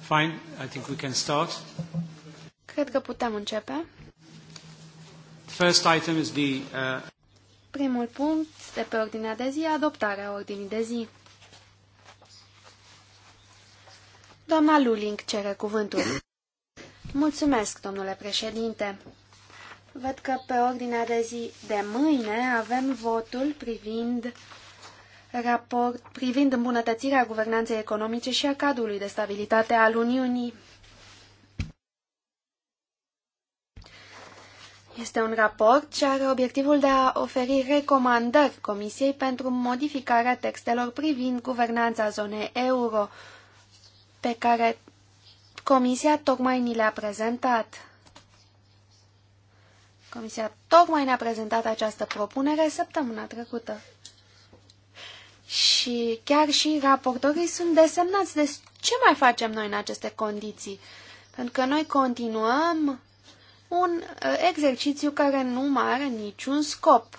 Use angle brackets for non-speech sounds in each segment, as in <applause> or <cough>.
Fine, I think we can start. Cred că putem începe. First item is the, uh... Primul punct de pe ordinea de zi, adoptarea ordinii de zi. Doamna Luling cere cuvântul. Mulțumesc, domnule președinte. Văd că pe ordinea de zi de mâine avem votul privind raport privind îmbunătățirea guvernanței economice și a cadrului de stabilitate al Uniunii. Este un raport ce are obiectivul de a oferi recomandări Comisiei pentru modificarea textelor privind guvernanța zonei euro, pe care Comisia tocmai ni le-a prezentat. Comisia tocmai ne-a prezentat această propunere săptămâna trecută. Și chiar și raportorii sunt desemnați. de ce mai facem noi în aceste condiții? Pentru că noi continuăm un uh, exercițiu care nu mai are niciun scop.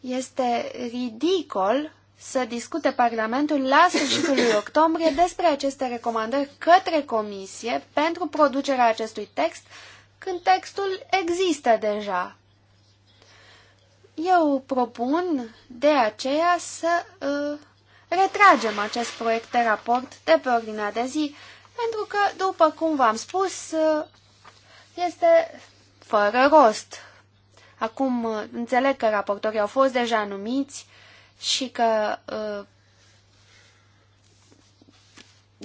Este ridicol să discute Parlamentul la sfârșitul lui octombrie despre aceste recomandări către Comisie pentru producerea acestui text, când textul există deja. Eu propun de aceea să uh, retragem acest proiect de raport de pe ordinea de zi, pentru că, după cum v-am spus, uh, este fără rost. Acum uh, înțeleg că raportorii au fost deja numiți și că uh,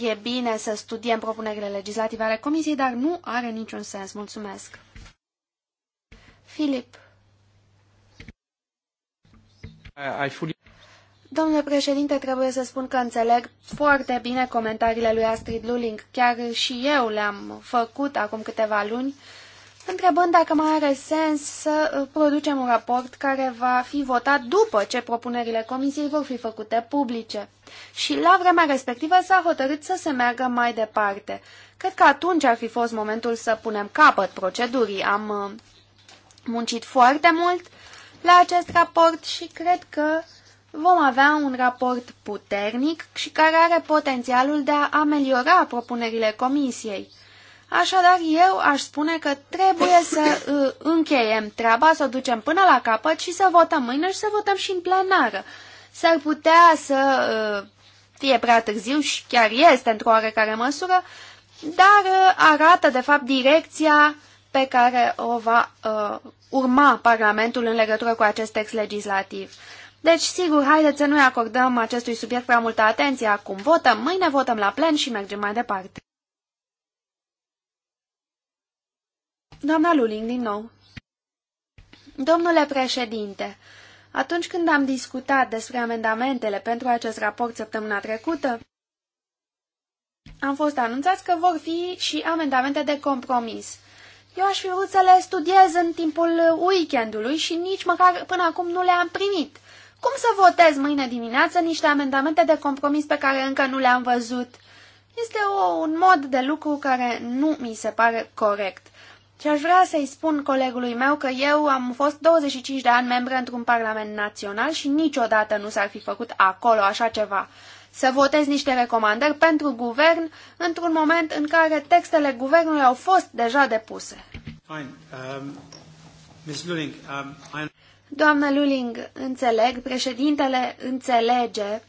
e bine să studiem propunerile legislative ale Comisiei, dar nu are niciun sens. Mulțumesc! Filip Domnule președinte, trebuie să spun că înțeleg foarte bine comentariile lui Astrid Luling. Chiar și eu le-am făcut acum câteva luni, întrebând dacă mai are sens să uh, producem un raport care va fi votat după ce propunerile comisiei vor fi făcute publice. Și la vremea respectivă s-a hotărât să se meargă mai departe. Cred că atunci ar fi fost momentul să punem capăt procedurii. Am uh, muncit foarte mult la acest raport și cred că vom avea un raport puternic și care are potențialul de a ameliora propunerile comisiei. Așadar, eu aș spune că trebuie să <coughs> uh, încheiem treaba, să o ducem până la capăt și să votăm mâine și să votăm și în plenară. S-ar putea să uh, fie prea târziu și chiar este într-o oarecare măsură, dar uh, arată, de fapt, direcția pe care o va uh, urma Parlamentul în legătură cu acest text legislativ. Deci, sigur, haideți să nu acordăm acestui subiect prea multă atenție acum. Votăm, mâine votăm la plen și mergem mai departe. Doamna Luling, din nou. Domnule președinte, atunci când am discutat despre amendamentele pentru acest raport săptămâna trecută, am fost anunțați că vor fi și amendamente de compromis. Eu aș fi vrut să le studiez în timpul weekendului și nici măcar până acum nu le-am primit. Cum să votez mâine dimineață niște amendamente de compromis pe care încă nu le-am văzut? Este o, un mod de lucru care nu mi se pare corect. Și aș vrea să-i spun colegului meu că eu am fost 25 de ani membru într-un parlament național și niciodată nu s-ar fi făcut acolo așa ceva să votez niște recomandări pentru guvern într-un moment în care textele guvernului au fost deja depuse. Doamna um, Luling, um, Doamnă înțeleg, președintele înțelege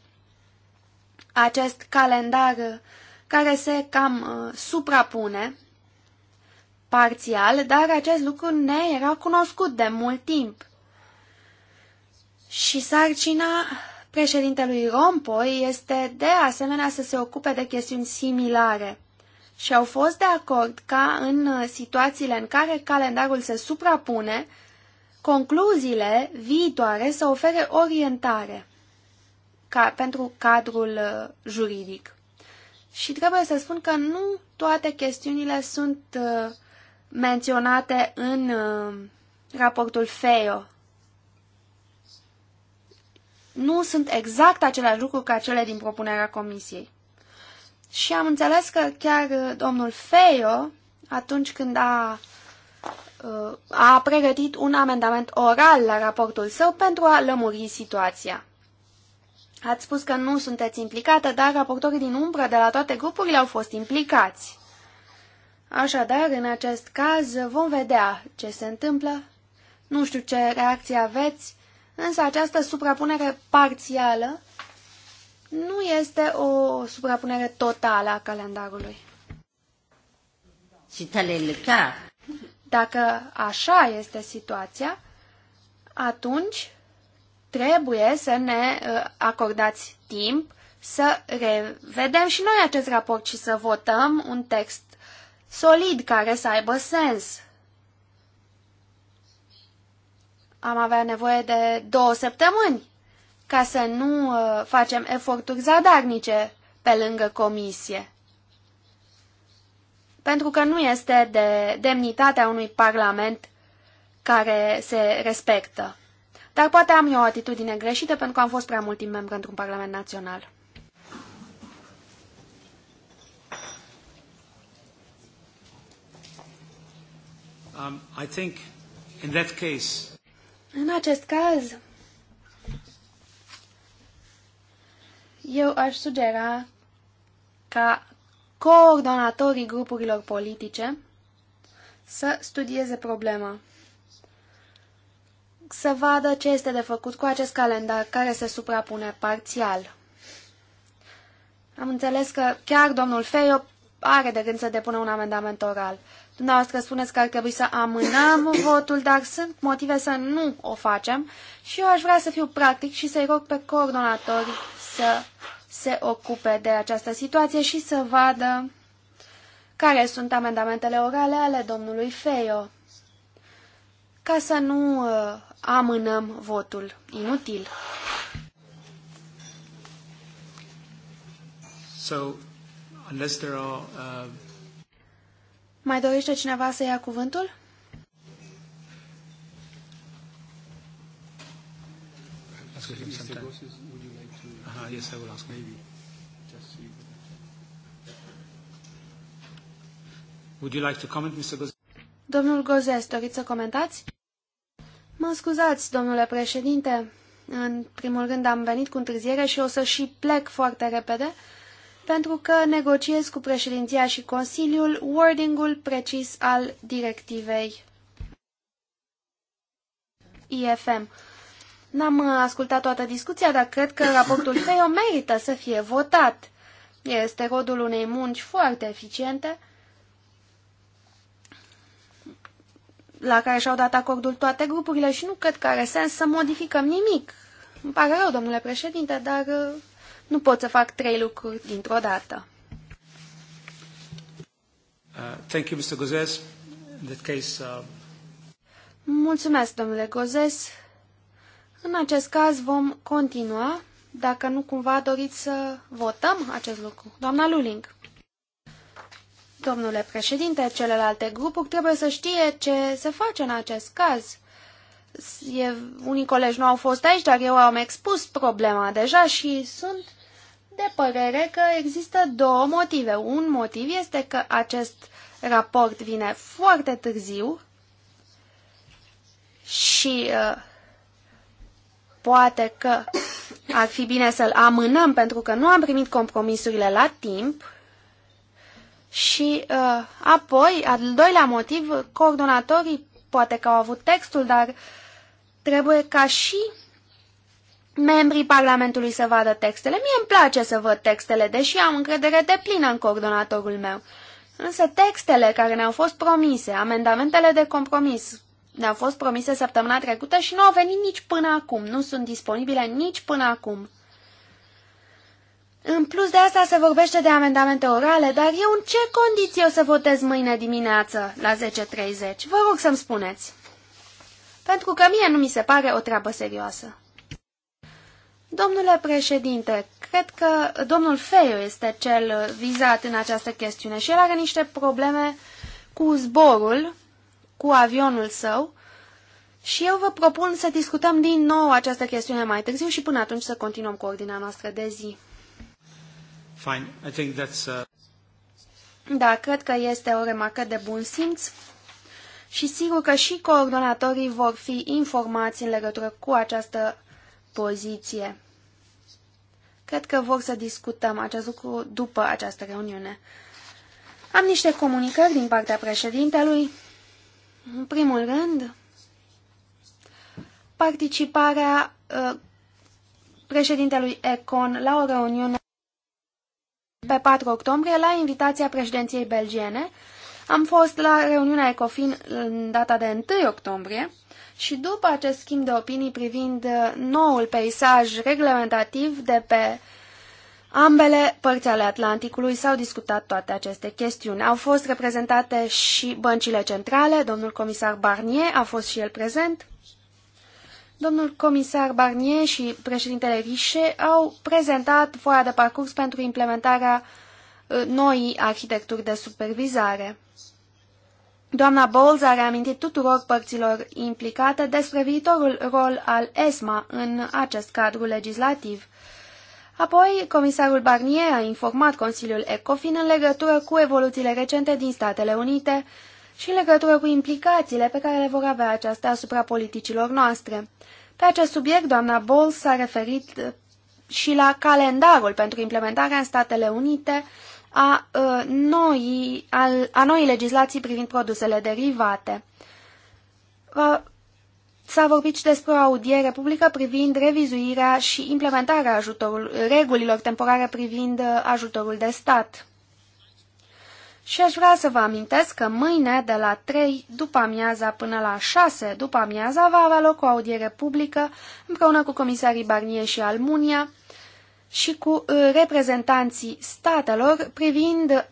acest calendar care se cam uh, suprapune parțial, dar acest lucru ne era cunoscut de mult timp. Și sarcina Președintelui Rompoi este de asemenea să se ocupe de chestiuni similare și au fost de acord ca în situațiile în care calendarul se suprapune, concluziile viitoare să ofere orientare ca, pentru cadrul uh, juridic. Și trebuie să spun că nu toate chestiunile sunt uh, menționate în uh, raportul FEO nu sunt exact același lucru ca cele din propunerea comisiei. Și am înțeles că chiar uh, domnul Feio, atunci când a, uh, a pregătit un amendament oral la raportul său pentru a lămuri situația. Ați spus că nu sunteți implicată, dar raportorii din umbră de la toate grupurile au fost implicați. Așadar, în acest caz, vom vedea ce se întâmplă. Nu știu ce reacție aveți, Însă această suprapunere parțială nu este o suprapunere totală a calendarului. Dacă așa este situația, atunci trebuie să ne uh, acordați timp să revedem și noi acest raport și să votăm un text solid care să aibă sens. am avea nevoie de două săptămâni ca să nu uh, facem eforturi zadarnice pe lângă comisie. Pentru că nu este de demnitatea unui parlament care se respectă. Dar poate am eu o atitudine greșită pentru că am fost prea mult timp membru într-un parlament național. Um, I think in that case în acest caz, eu aș sugera ca coordonatorii grupurilor politice să studieze problema, să vadă ce este de făcut cu acest calendar care se suprapune parțial. Am înțeles că chiar domnul Feio are de gând să depună un amendament oral. Dumneavoastră spuneți că ar trebui să amânăm votul, dar sunt motive să nu o facem și eu aș vrea să fiu practic și să-i rog pe coordonatori să se ocupe de această situație și să vadă care sunt amendamentele orale ale domnului Feio, ca să nu uh, amânăm votul inutil. So, unless there are, uh... Mai dorește cineva să ia cuvântul? Would you like to comment, Mr. Gozes? Domnul Gozes, doriți să comentați? Mă scuzați, domnule președinte. În primul rând am venit cu întârziere și o să și plec foarte repede. Uh, pentru că negociez cu președinția și Consiliul wordingul precis al directivei IFM. N-am ascultat toată discuția, dar cred că raportul FEO merită să fie votat. Este rodul unei munci foarte eficiente, la care și-au dat acordul toate grupurile și nu cred că are sens să modificăm nimic. Îmi pare rău, domnule președinte, dar uh, nu pot să fac trei lucruri dintr-o dată. Uh, thank you, Mr. Gozes. In that case, uh... Mulțumesc, domnule Gozes. În acest caz vom continua, dacă nu cumva doriți să votăm acest lucru. Doamna Luling. Domnule președinte, celelalte grupuri trebuie să știe ce se face în acest caz. E, unii colegi nu au fost aici, dar eu am expus problema deja și sunt de părere că există două motive. Un motiv este că acest raport vine foarte târziu și uh, poate că ar fi bine să-l amânăm pentru că nu am primit compromisurile la timp. Și uh, apoi, al doilea motiv, coordonatorii poate că au avut textul, dar trebuie ca și membrii Parlamentului să vadă textele. Mie îmi place să văd textele, deși am încredere de plină în coordonatorul meu. Însă textele care ne-au fost promise, amendamentele de compromis, ne-au fost promise săptămâna trecută și nu au venit nici până acum. Nu sunt disponibile nici până acum. În plus de asta se vorbește de amendamente orale, dar eu în ce condiții o să votez mâine dimineață la 10.30? Vă rog să-mi spuneți. Pentru că mie nu mi se pare o treabă serioasă. Domnule președinte, cred că domnul Feio este cel vizat în această chestiune și el are niște probleme cu zborul, cu avionul său și eu vă propun să discutăm din nou această chestiune mai târziu și până atunci să continuăm cu ordinea noastră de zi. Fine. I think that's, uh... Da, cred că este o remarcă de bun simț și sigur că și coordonatorii vor fi informați în legătură cu această poziție. Cred că vor să discutăm acest lucru după această reuniune. Am niște comunicări din partea președintelui. În primul rând, participarea uh, președintelui Econ la o reuniune pe 4 octombrie la invitația președinției belgiene am fost la reuniunea ECOFIN în data de 1 octombrie și după acest schimb de opinii privind uh, noul peisaj reglementativ de pe ambele părți ale Atlanticului s-au discutat toate aceste chestiuni. Au fost reprezentate și băncile centrale, domnul comisar Barnier a fost și el prezent. Domnul comisar Barnier și președintele Riche au prezentat foaia de parcurs pentru implementarea uh, noii arhitecturi de supervizare. Doamna Bowles a reamintit tuturor părților implicate despre viitorul rol al ESMA în acest cadru legislativ. Apoi, comisarul Barnier a informat Consiliul ECOFIN în legătură cu evoluțiile recente din Statele Unite și în legătură cu implicațiile pe care le vor avea acestea asupra politicilor noastre. Pe acest subiect, doamna Bowles s-a referit și la calendarul pentru implementarea în Statele Unite a, ă, noi, al, a noi legislații privind produsele derivate. S-a vorbit și despre o audiere publică privind revizuirea și implementarea ajutorul, regulilor temporare privind ă, ajutorul de stat. Și aș vrea să vă amintesc că mâine, de la 3 după amiaza până la 6 după amiaza, va avea loc o audiere publică împreună cu comisarii Barnier și Almunia și cu uh, reprezentanții statelor privind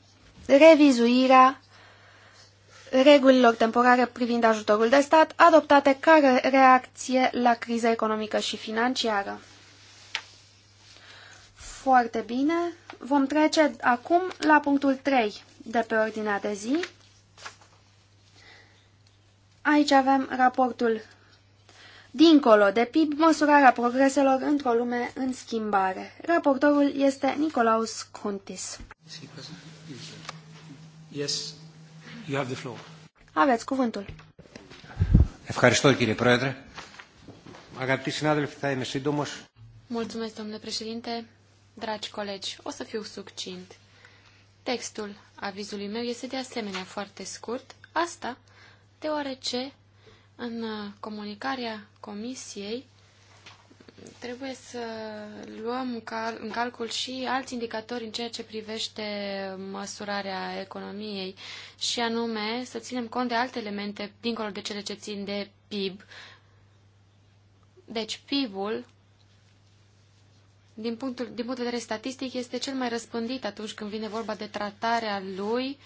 revizuirea regulilor temporare privind ajutorul de stat adoptate ca reacție la criza economică și financiară. Foarte bine, vom trece acum la punctul 3 de pe ordinea de zi. Aici avem raportul Dincolo de PIB, măsurarea progreselor într-o lume în schimbare. Raportorul este Nicolaus Kuntis. Yes, you have the floor. Aveți cuvântul. Mulțumesc, domnule președinte. Dragi colegi, o să fiu succint. Textul avizului meu este de asemenea foarte scurt, asta deoarece în uh, comunicarea Comisiei trebuie să luăm în calcul și alți indicatori în ceea ce privește măsurarea economiei și anume să ținem cont de alte elemente dincolo de cele ce țin de PIB. Deci PIB-ul din, punctul, din punct de vedere statistic, este cel mai răspândit atunci când vine vorba de tratarea lui uh,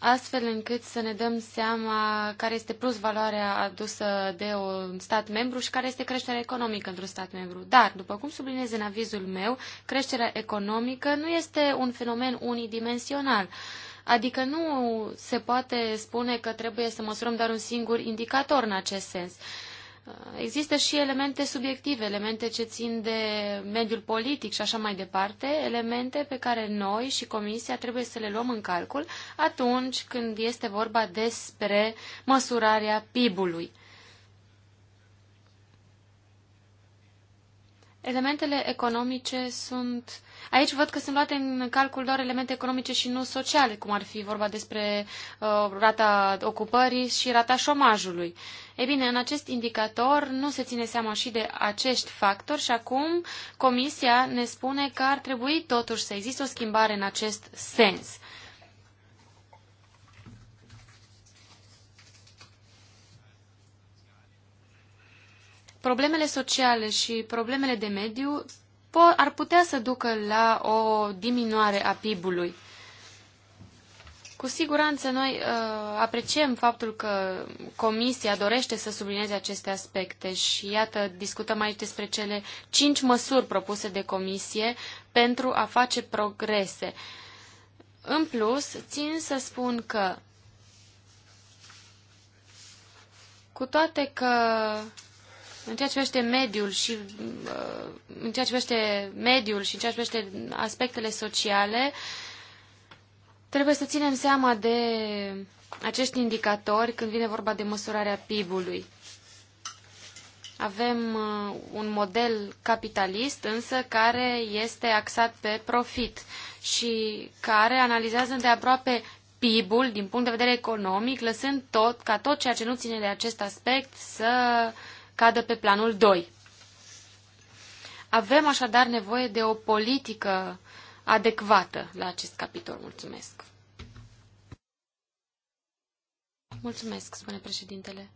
astfel încât să ne dăm seama care este plus valoarea adusă de un stat membru și care este creșterea economică într-un stat membru. Dar, după cum subliniez în avizul meu, creșterea economică nu este un fenomen unidimensional. Adică nu se poate spune că trebuie să măsurăm doar un singur indicator în acest sens. Uh, există și elemente subiective, elemente ce țin de mediul politic și așa mai departe, elemente pe care noi și Comisia trebuie să le luăm în calcul atunci când este vorba despre măsurarea PIB-ului. Elementele economice sunt Aici văd că sunt luate în calcul doar elemente economice și nu sociale, cum ar fi vorba despre uh, rata ocupării și rata șomajului. Ei bine, în acest indicator nu se ține seama și de acești factori și acum Comisia ne spune că ar trebui totuși să existe o schimbare în acest sens. Problemele sociale și problemele de mediu ar putea să ducă la o diminuare a PIB-ului. Cu siguranță noi uh, apreciem faptul că Comisia dorește să sublinieze aceste aspecte și iată, discutăm aici despre cele cinci măsuri propuse de Comisie pentru a face progrese. În plus, țin să spun că cu toate că în ceea ce privește mediul și uh, în ceea ce privește mediul și în ceea ce privește aspectele sociale, trebuie să ținem seama de acești indicatori când vine vorba de măsurarea PIB-ului. Avem uh, un model capitalist, însă, care este axat pe profit și care analizează de aproape PIB-ul din punct de vedere economic, lăsând tot, ca tot ceea ce nu ține de acest aspect să uh, cadă pe planul 2. Avem așadar nevoie de o politică adecvată la acest capitol. Mulțumesc. Mulțumesc, spune președintele.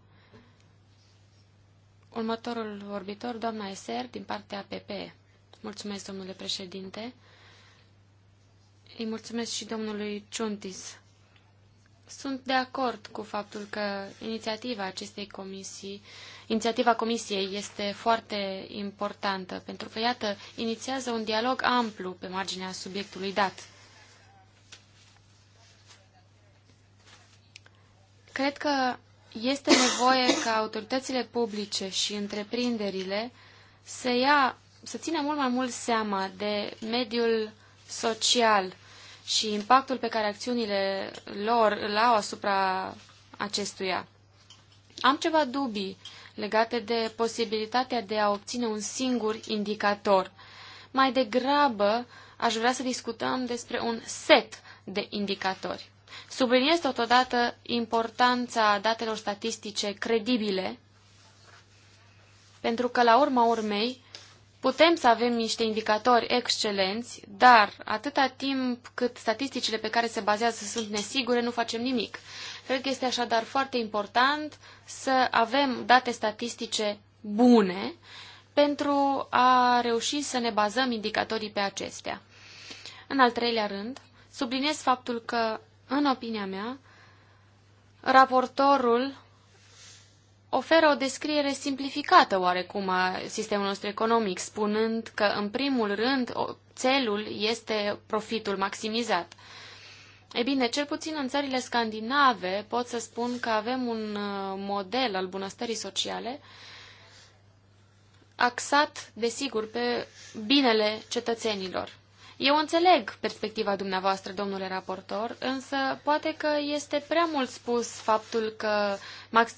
Următorul vorbitor, doamna Eser, din partea PPE. Mulțumesc, domnule președinte. Îi mulțumesc și domnului Ciuntis sunt de acord cu faptul că inițiativa acestei comisii, inițiativa comisiei este foarte importantă, pentru că, iată, inițiază un dialog amplu pe marginea subiectului dat. Cred că este nevoie ca autoritățile publice și întreprinderile să ia, să țină mult mai mult seama de mediul social și impactul pe care acțiunile lor îl au asupra acestuia. Am ceva dubii legate de posibilitatea de a obține un singur indicator. Mai degrabă aș vrea să discutăm despre un set de indicatori. Subliniez totodată importanța datelor statistice credibile, pentru că, la urma urmei, Putem să avem niște indicatori excelenți, dar atâta timp cât statisticile pe care se bazează sunt nesigure, nu facem nimic. Cred că este așadar foarte important să avem date statistice bune pentru a reuși să ne bazăm indicatorii pe acestea. În al treilea rând, subliniez faptul că, în opinia mea, raportorul oferă o descriere simplificată oarecum a sistemului nostru economic, spunând că, în primul rând, țelul este profitul maximizat. Ei bine, cel puțin în țările scandinave pot să spun că avem un uh, model al bunăstării sociale axat, desigur, pe binele cetățenilor. Eu înțeleg perspectiva dumneavoastră, domnule raportor, însă poate că este prea mult spus faptul că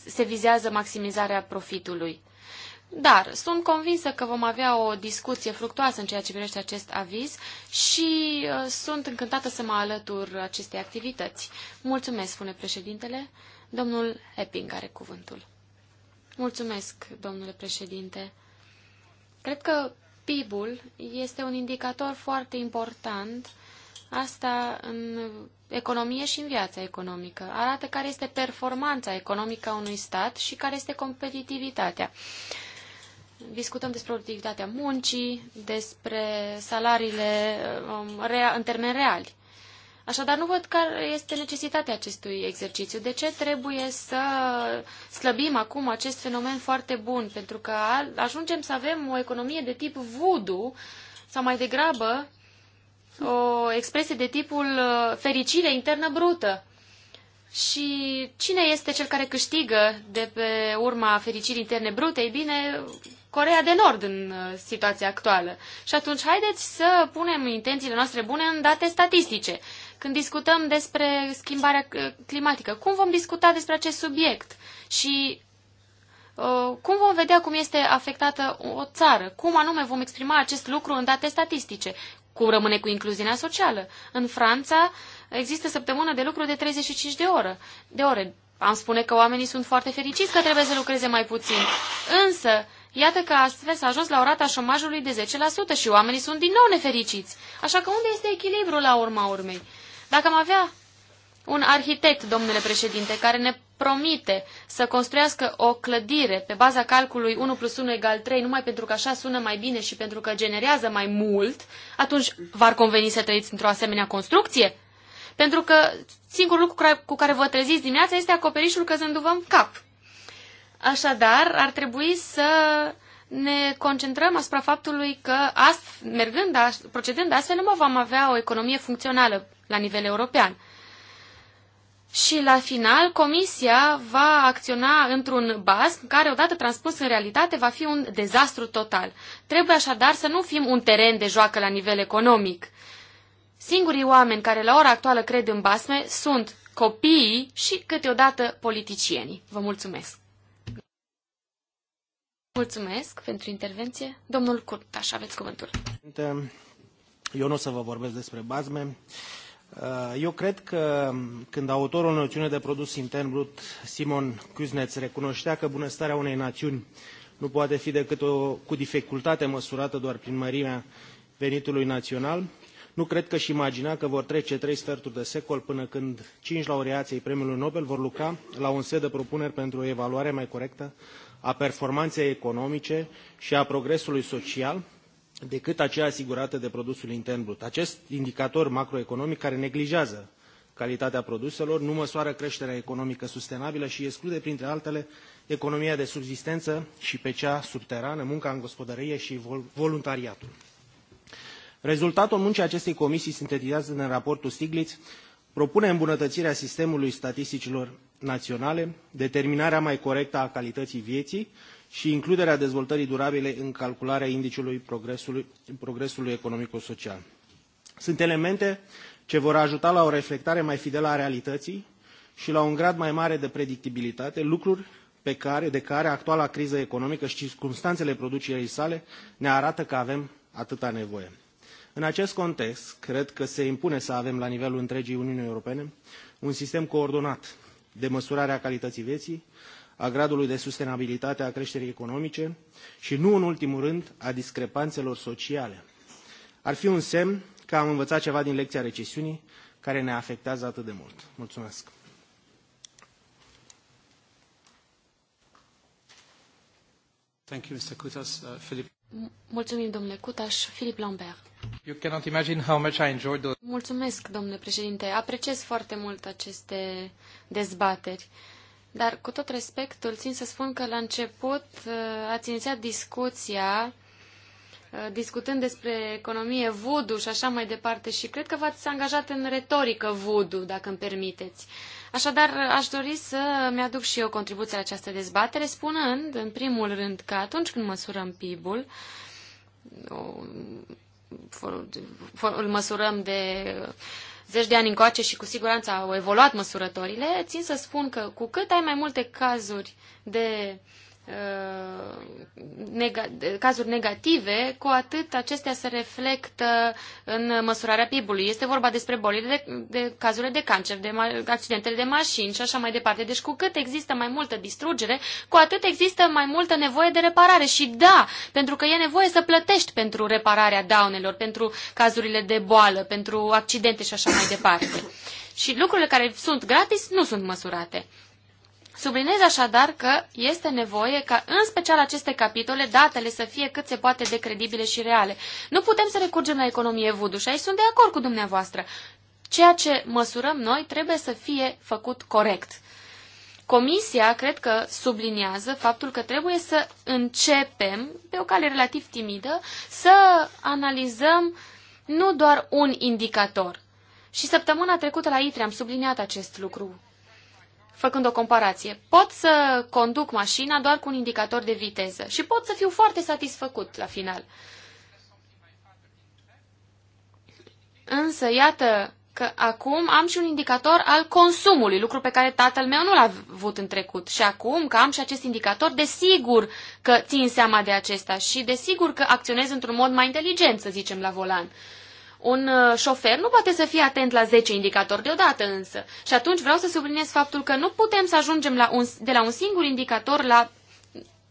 se vizează maximizarea profitului. Dar sunt convinsă că vom avea o discuție fructoasă în ceea ce privește acest aviz și uh, sunt încântată să mă alătur acestei activități. Mulțumesc, spune președintele. Domnul Epping are cuvântul. Mulțumesc, domnule președinte. Cred că PIB-ul este un indicator foarte important, asta în economie și în viața economică. Arată care este performanța economică a unui stat și care este competitivitatea. Discutăm despre productivitatea muncii, despre salariile um, în termeni reali. Așadar, nu văd care este necesitatea acestui exercițiu. De ce trebuie să slăbim acum acest fenomen foarte bun? Pentru că ajungem să avem o economie de tip voodoo sau mai degrabă o expresie de tipul uh, fericire internă brută. Și cine este cel care câștigă de pe urma fericirii interne brute? Ei bine, Corea de Nord în uh, situația actuală. Și atunci haideți să punem intențiile noastre bune în date statistice. Când discutăm despre schimbarea uh, climatică, cum vom discuta despre acest subiect? Și uh, cum vom vedea cum este afectată o țară? Cum anume vom exprima acest lucru în date statistice? Cum rămâne cu incluziunea socială? În Franța există săptămână de lucru de 35 de, oră, de ore. Am spune că oamenii sunt foarte fericiți că trebuie să lucreze mai puțin. Însă, Iată că astfel s-a ajuns la o rata șomajului de 10% și oamenii sunt din nou nefericiți. Așa că unde este echilibrul la urma urmei? Dacă am avea un arhitect, domnule președinte, care ne promite să construiască o clădire pe baza calculului 1 plus 1 egal 3 numai pentru că așa sună mai bine și pentru că generează mai mult, atunci v-ar conveni să trăiți într-o asemenea construcție? Pentru că singurul lucru cu care vă treziți dimineața este acoperișul căzându-vă în cap. Așadar, ar trebui să ne concentrăm asupra faptului că, ast, mergând, procedând astfel, nu vom avea o economie funcțională la nivel european. Și la final, Comisia va acționa într-un basm care, odată transpus în realitate, va fi un dezastru total. Trebuie așadar să nu fim un teren de joacă la nivel economic. Singurii oameni care la ora actuală cred în basme sunt copiii și câteodată politicienii. Vă mulțumesc! Mulțumesc pentru intervenție. Domnul Curtaș, aveți cuvântul. Eu nu o să vă vorbesc despre bazme. Uh, eu cred că când autorul noțiunii de produs intern brut, Simon Kuznets, recunoștea că bunăstarea unei națiuni nu poate fi decât o, cu dificultate măsurată doar prin mărimea venitului național, nu cred că și imagina că vor trece trei sferturi de secol până când cinci laureații Premiului Nobel vor lucra la un set de propuneri pentru o evaluare mai corectă a performanței economice și a progresului social decât aceea asigurată de produsul intern brut. Acest indicator macroeconomic care neglijează calitatea produselor, nu măsoară creșterea economică sustenabilă și exclude, printre altele, economia de subsistență și pe cea subterană, munca în gospodărie și voluntariatul. Rezultatul muncii acestei comisii sintetizează în raportul Stiglitz propune îmbunătățirea sistemului statisticilor naționale, determinarea mai corectă a calității vieții și includerea dezvoltării durabile în calcularea indiciului progresului, progresului economico-social. Sunt elemente ce vor ajuta la o reflectare mai fidelă a realității și la un grad mai mare de predictibilitate, lucruri pe care, de care actuala criză economică și circunstanțele producerii sale ne arată că avem atâta nevoie. În acest context, cred că se impune să avem la nivelul întregii Uniuni Europene un sistem coordonat de măsurare a calității vieții, a gradului de sustenabilitate a creșterii economice și, nu în ultimul rând, a discrepanțelor sociale. Ar fi un semn că am învățat ceva din lecția recesiunii care ne afectează atât de mult. Mulțumesc! Thank you, Mr. Kutas. Uh, Philip. Mulțumim, domnule Cutaș. Filip Lambert. You cannot imagine how much I enjoyed those... Mulțumesc, domnule președinte. Apreciez foarte mult aceste dezbateri. Dar, cu tot respectul, țin să spun că la început eh, ați inițiat discuția Uh, discutând despre economie voodoo și așa mai departe și cred că v-ați angajat în retorică voodoo, dacă îmi permiteți. Așadar, aș dori să mi-aduc și eu contribuția la această dezbatere, spunând, în primul rând, că atunci când măsurăm PIB-ul, îl măsurăm de zeci de ani încoace și cu siguranță au evoluat măsurătorile, țin să spun că cu cât ai mai multe cazuri de Uh, neg- cazuri negative, cu atât acestea se reflectă în măsurarea PIB-ului. Este vorba despre bolile de, de cazurile de cancer, de accidentele de mașini și așa mai departe. Deci cu cât există mai multă distrugere, cu atât există mai multă nevoie de reparare. Și da, pentru că e nevoie să plătești pentru repararea daunelor, pentru cazurile de boală, pentru accidente și așa mai departe. Și lucrurile care sunt gratis nu sunt măsurate. Sublinez așadar că este nevoie ca în special aceste capitole datele să fie cât se poate de credibile și reale. Nu putem să recurgem la economie vudu și aici sunt de acord cu dumneavoastră. Ceea ce măsurăm noi trebuie să fie făcut corect. Comisia cred că subliniază faptul că trebuie să începem, pe o cale relativ timidă, să analizăm nu doar un indicator. Și săptămâna trecută la ITRE am subliniat acest lucru făcând o comparație, pot să conduc mașina doar cu un indicator de viteză și pot să fiu foarte satisfăcut la final. Însă, iată că acum am și un indicator al consumului, lucru pe care tatăl meu nu l-a avut în trecut. Și acum că am și acest indicator, desigur că țin seama de acesta și desigur că acționez într-un mod mai inteligent, să zicem, la volan. Uh, un uh, șofer nu poate să fie atent la 10 indicatori deodată însă. Și atunci vreau să subliniez faptul că nu putem să ajungem la un, de la un singur indicator la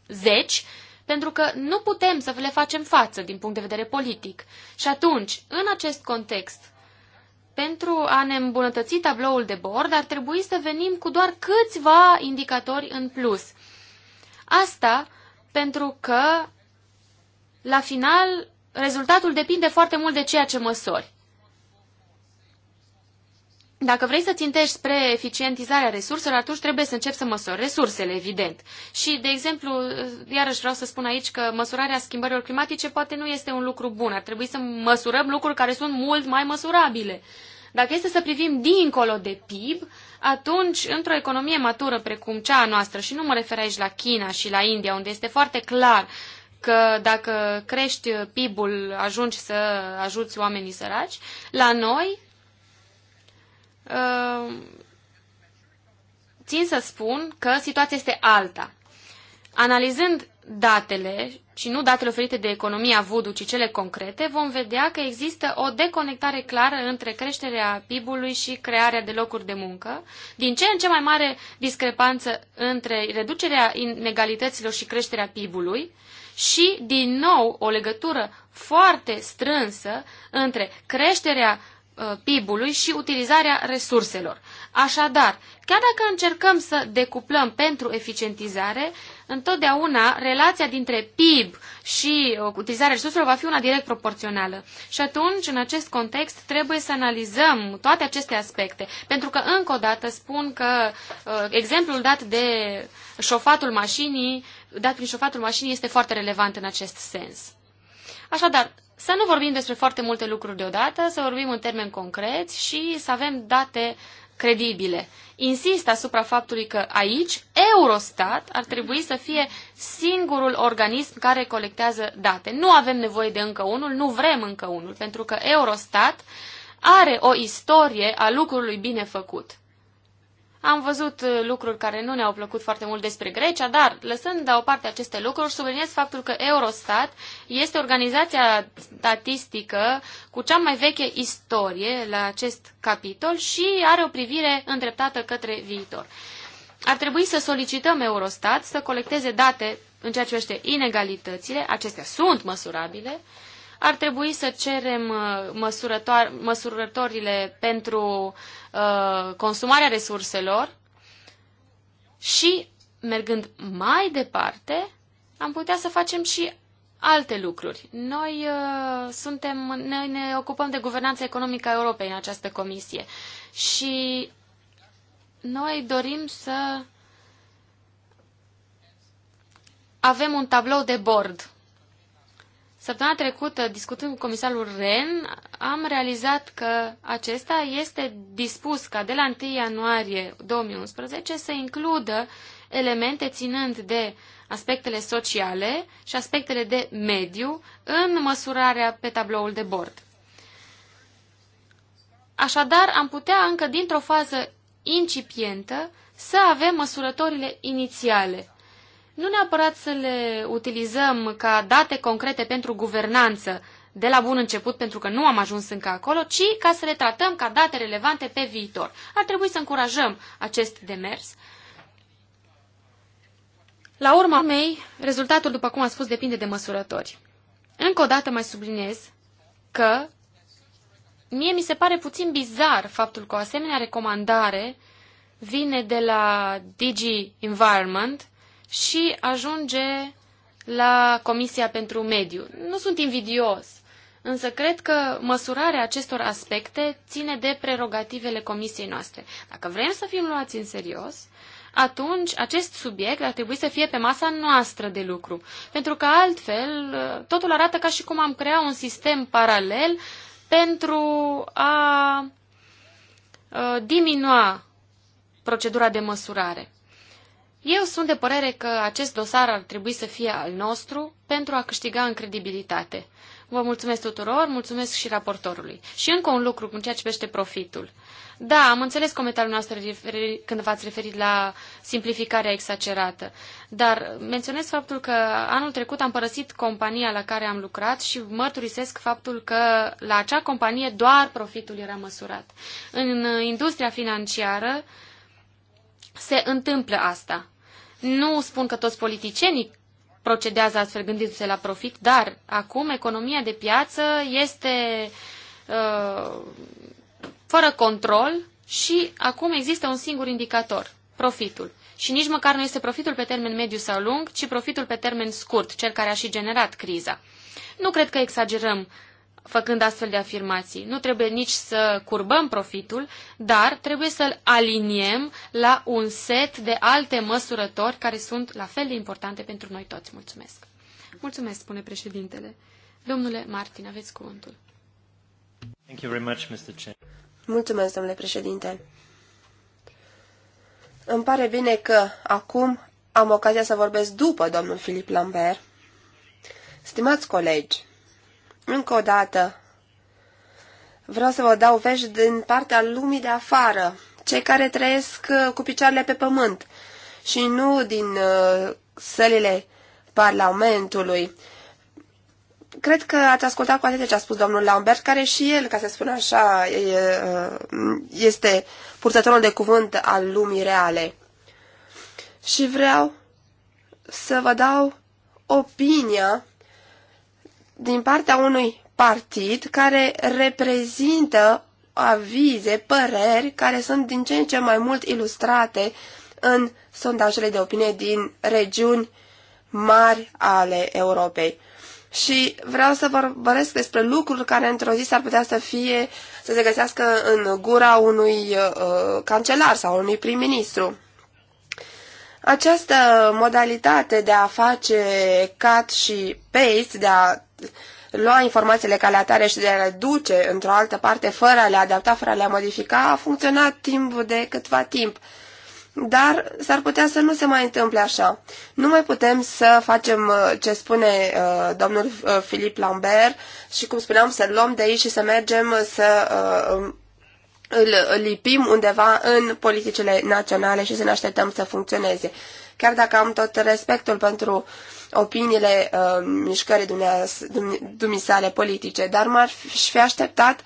10, pentru că nu putem să le facem față din punct de vedere politic. Și atunci, în acest context, pentru a ne îmbunătăți tabloul de bord, ar trebui să venim cu doar câțiva indicatori în plus. Asta pentru că, la final, rezultatul depinde foarte mult de ceea ce măsori. Dacă vrei să țintești spre eficientizarea resurselor, atunci trebuie să începi să măsori resursele, evident. Și, de exemplu, iarăși vreau să spun aici că măsurarea schimbărilor climatice poate nu este un lucru bun. Ar trebui să măsurăm lucruri care sunt mult mai măsurabile. Dacă este să privim dincolo de PIB, atunci, într-o economie matură precum cea a noastră, și nu mă refer aici la China și la India, unde este foarte clar că dacă crești PIB-ul, ajungi să ajuți oamenii săraci. La noi, uh, țin să spun că situația este alta. Analizând datele, și nu datele oferite de economia Vudu, ci cele concrete, vom vedea că există o deconectare clară între creșterea PIB-ului și crearea de locuri de muncă, din ce în ce mai mare discrepanță între reducerea inegalităților și creșterea PIB-ului, și, din nou, o legătură foarte strânsă între creșterea uh, PIB-ului și utilizarea resurselor. Așadar, chiar dacă încercăm să decuplăm pentru eficientizare, întotdeauna relația dintre PIB și uh, utilizarea resurselor va fi una direct proporțională. Și atunci, în acest context, trebuie să analizăm toate aceste aspecte. Pentru că, încă o dată, spun că uh, exemplul dat de șofatul mașinii, dat prin șofatul mașinii, este foarte relevant în acest sens. Așadar, să nu vorbim despre foarte multe lucruri deodată, să vorbim în termeni concreți și să avem date credibile insist asupra faptului că aici Eurostat ar trebui să fie singurul organism care colectează date. Nu avem nevoie de încă unul, nu vrem încă unul, pentru că Eurostat are o istorie a lucrului bine făcut. Am văzut uh, lucruri care nu ne-au plăcut foarte mult despre Grecia, dar lăsând de o parte aceste lucruri, subliniez faptul că Eurostat este organizația statistică cu cea mai veche istorie la acest capitol și are o privire îndreptată către viitor. Ar trebui să solicităm Eurostat să colecteze date în ceea ce privește inegalitățile, acestea sunt măsurabile, ar trebui să cerem uh, măsurătorile pentru uh, consumarea resurselor și, mergând mai departe, am putea să facem și alte lucruri. Noi, uh, suntem, noi ne ocupăm de guvernanța economică a Europei în această comisie și noi dorim să avem un tablou de bord Săptămâna trecută, discutând cu comisarul Ren, am realizat că acesta este dispus ca de la 1 ianuarie 2011 să includă elemente ținând de aspectele sociale și aspectele de mediu în măsurarea pe tabloul de bord. Așadar, am putea încă dintr-o fază incipientă să avem măsurătorile inițiale nu neapărat să le utilizăm ca date concrete pentru guvernanță de la bun început, pentru că nu am ajuns încă acolo, ci ca să le tratăm ca date relevante pe viitor. Ar trebui să încurajăm acest demers. La urma mei, rezultatul, după cum am spus, depinde de măsurători. Încă o dată mai subliniez că mie mi se pare puțin bizar faptul că o asemenea recomandare vine de la Digi Environment, și ajunge la Comisia pentru Mediu. Nu sunt invidios, însă cred că măsurarea acestor aspecte ține de prerogativele Comisiei noastre. Dacă vrem să fim luați în serios, atunci acest subiect ar trebui să fie pe masa noastră de lucru. Pentru că altfel totul arată ca și cum am crea un sistem paralel pentru a uh, diminua procedura de măsurare. Eu sunt de părere că acest dosar ar trebui să fie al nostru pentru a câștiga în credibilitate. Vă mulțumesc tuturor, mulțumesc și raportorului. Și încă un lucru cu ceea ce privește profitul. Da, am înțeles comentariul noastră când v-ați referit la simplificarea exagerată, dar menționez faptul că anul trecut am părăsit compania la care am lucrat și mărturisesc faptul că la acea companie doar profitul era măsurat. În industria financiară se întâmplă asta. Nu spun că toți politicienii procedează astfel gândindu-se la profit, dar acum economia de piață este uh, fără control și acum există un singur indicator, profitul. Și nici măcar nu este profitul pe termen mediu sau lung, ci profitul pe termen scurt, cel care a și generat criza. Nu cred că exagerăm făcând astfel de afirmații. Nu trebuie nici să curbăm profitul, dar trebuie să-l aliniem la un set de alte măsurători care sunt la fel de importante pentru noi toți. Mulțumesc! Mulțumesc, spune președintele. Domnule Martin, aveți cuvântul. Thank you very much, Mr. Chair. Mulțumesc, domnule președinte. Îmi pare bine că acum am ocazia să vorbesc după domnul Filip Lambert. Stimați colegi, încă o dată, vreau să vă dau vești din partea lumii de afară, cei care trăiesc uh, cu picioarele pe pământ și nu din uh, sălile Parlamentului. Cred că ați ascultat cu atenție ce a spus domnul Lambert, care și el, ca să spun așa, uh, este purtătorul de cuvânt al lumii reale. Și vreau să vă dau opinia din partea unui partid care reprezintă avize, păreri care sunt din ce în ce mai mult ilustrate în sondajele de opinie din regiuni mari ale Europei. Și vreau să vorbesc despre lucruri care într-o zi s-ar putea să fie, să se găsească în gura unui uh, cancelar sau unui prim-ministru. Această modalitate de a face cut și paste, de a lua informațiile ca atare și de a le duce într-o altă parte fără a le adapta, fără a le modifica, a funcționat timp de câtva timp. Dar s-ar putea să nu se mai întâmple așa. Nu mai putem să facem uh, ce spune uh, domnul Filip uh, Lambert și, cum spuneam, să luăm de aici și să mergem uh, să uh, îl lipim undeva în politicile naționale și să ne așteptăm să funcționeze. Chiar dacă am tot respectul pentru opiniile uh, mișcării dumisale politice, dar m-aș fi așteptat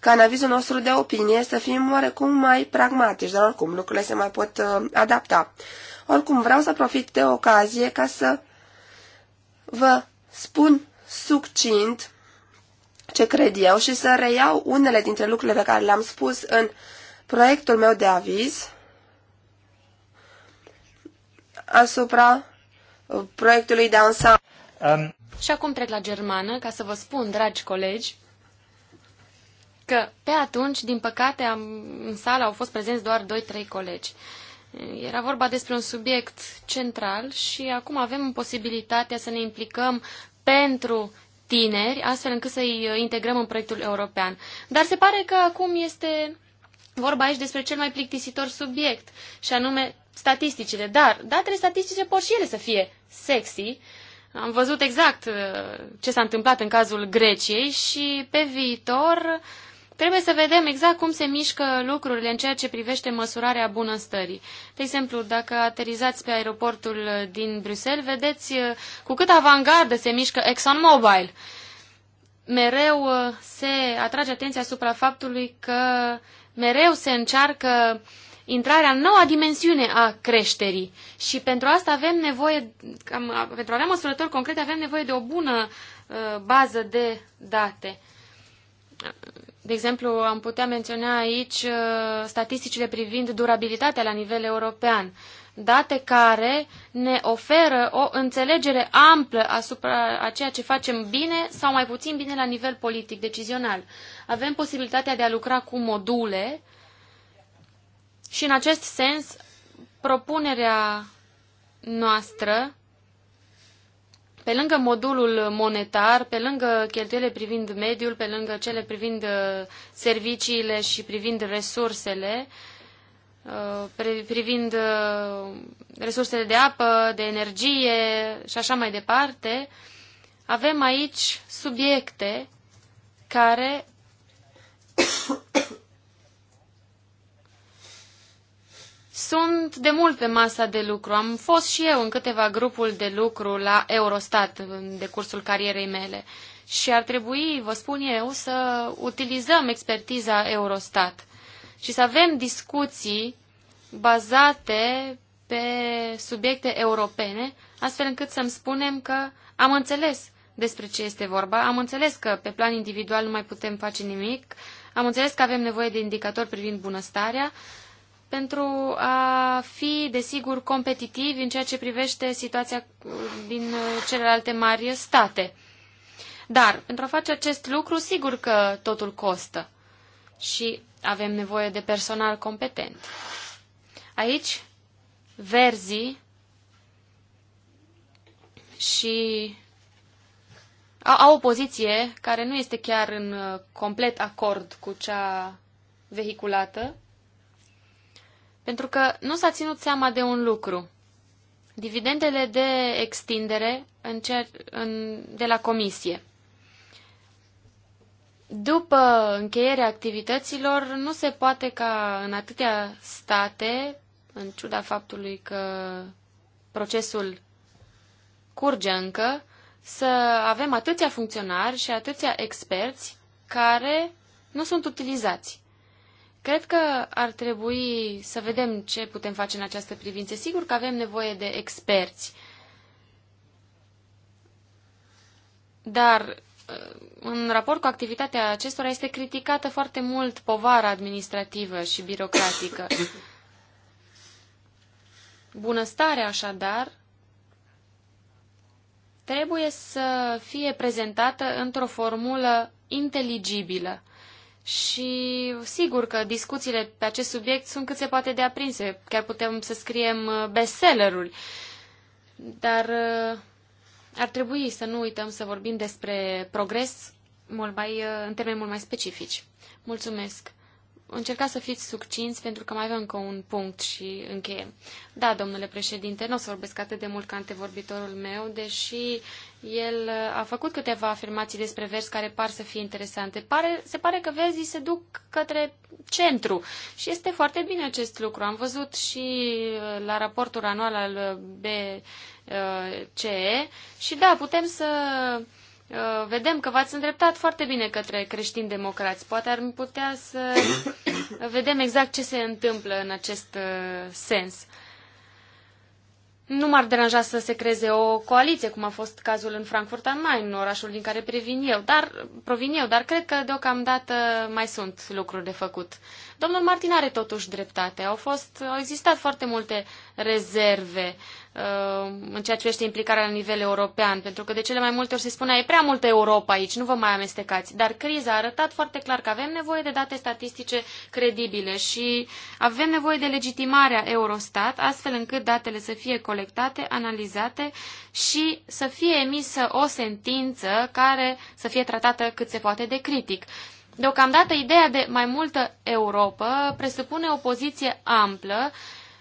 ca în avizul nostru de opinie să fim oarecum mai pragmatici, dar oricum lucrurile se mai pot uh, adapta. Oricum vreau să profit de ocazie ca să vă spun succint ce cred eu și să reiau unele dintre lucrurile pe care le-am spus în proiectul meu de aviz asupra uh, proiectului de ansamblu. Um. Și acum trec la germană ca să vă spun, dragi colegi, că pe atunci, din păcate, am, în sală au fost prezenți doar 2-3 colegi. Era vorba despre un subiect central și acum avem posibilitatea să ne implicăm pentru tineri, astfel încât să-i uh, integrăm în proiectul european. Dar se pare că acum este vorba aici despre cel mai plictisitor subiect, și anume statisticile. Dar datele statistice pot și ele să fie sexy. Am văzut exact uh, ce s-a întâmplat în cazul Greciei și pe viitor uh, Trebuie să vedem exact cum se mișcă lucrurile în ceea ce privește măsurarea bunăstării. De exemplu, dacă aterizați pe aeroportul din Bruxelles, vedeți uh, cu cât avangardă se mișcă ExxonMobil. Mereu uh, se atrage atenția asupra faptului că mereu se încearcă intrarea în noua dimensiune a creșterii. Și pentru asta avem nevoie, cam, pentru a avea măsurători concrete, avem nevoie de o bună uh, bază de date de exemplu, am putea menționa aici uh, statisticile privind durabilitatea la nivel european, date care ne oferă o înțelegere amplă asupra a ceea ce facem bine sau mai puțin bine la nivel politic, decizional. Avem posibilitatea de a lucra cu module și în acest sens propunerea noastră pe lângă modulul monetar, pe lângă cheltuielile privind mediul, pe lângă cele privind uh, serviciile și privind resursele, uh, privind uh, resursele de apă, de energie și așa mai departe, avem aici subiecte care sunt de mult pe masa de lucru. Am fost și eu în câteva grupuri de lucru la Eurostat în decursul carierei mele și ar trebui, vă spun eu, să utilizăm expertiza Eurostat și să avem discuții bazate pe subiecte europene, astfel încât să-mi spunem că am înțeles despre ce este vorba, am înțeles că pe plan individual nu mai putem face nimic, am înțeles că avem nevoie de indicatori privind bunăstarea, pentru a fi, desigur, competitivi în ceea ce privește situația uh, din uh, celelalte mari state. Dar, pentru a face acest lucru, sigur că totul costă și avem nevoie de personal competent. Aici, Verzi și au o poziție care nu este chiar în uh, complet acord cu cea vehiculată pentru că nu s-a ținut seama de un lucru. Dividendele de extindere în cer, în, de la comisie. După încheierea activităților, nu se poate ca în atâtea state, în ciuda faptului că procesul curge încă, să avem atâția funcționari și atâția experți care nu sunt utilizați. Cred că ar trebui să vedem ce putem face în această privință. Sigur că avem nevoie de experți, dar uh, în raport cu activitatea acestora este criticată foarte mult povara administrativă și birocratică. Bunăstarea, așadar, trebuie să fie prezentată într-o formulă inteligibilă. Și sigur că discuțiile pe acest subiect sunt cât se poate de aprinse. Chiar putem să scriem uh, bestseller-uri. Dar uh, ar trebui să nu uităm să vorbim despre progres mult mai, uh, în termeni mult mai specifici. Mulțumesc! încercați să fiți succinți pentru că mai avem încă un punct și încheiem. Da, domnule președinte, nu o să vorbesc atât de mult ca antevorbitorul meu, deși el a făcut câteva afirmații despre vers care par să fie interesante. Pare, se pare că verzii se duc către centru și este foarte bine acest lucru. Am văzut și uh, la raportul anual al BCE uh, și da, putem să Uh, vedem că v-ați îndreptat foarte bine către creștini democrați. Poate ar putea să <coughs> vedem exact ce se întâmplă în acest uh, sens. Nu m-ar deranja să se creeze o coaliție, cum a fost cazul în Frankfurt am Main, orașul din care previn eu, dar, provin eu, dar cred că deocamdată mai sunt lucruri de făcut. Domnul Martin are totuși dreptate. Au, fost, au existat foarte multe rezerve uh, în ceea ce este implicarea la nivel european, pentru că de cele mai multe ori se spunea e prea multă Europa aici, nu vă mai amestecați. Dar criza a arătat foarte clar că avem nevoie de date statistice credibile și avem nevoie de legitimarea Eurostat, astfel încât datele să fie colectate, analizate și să fie emisă o sentință care să fie tratată cât se poate de critic. Deocamdată, ideea de mai multă Europa presupune o poziție amplă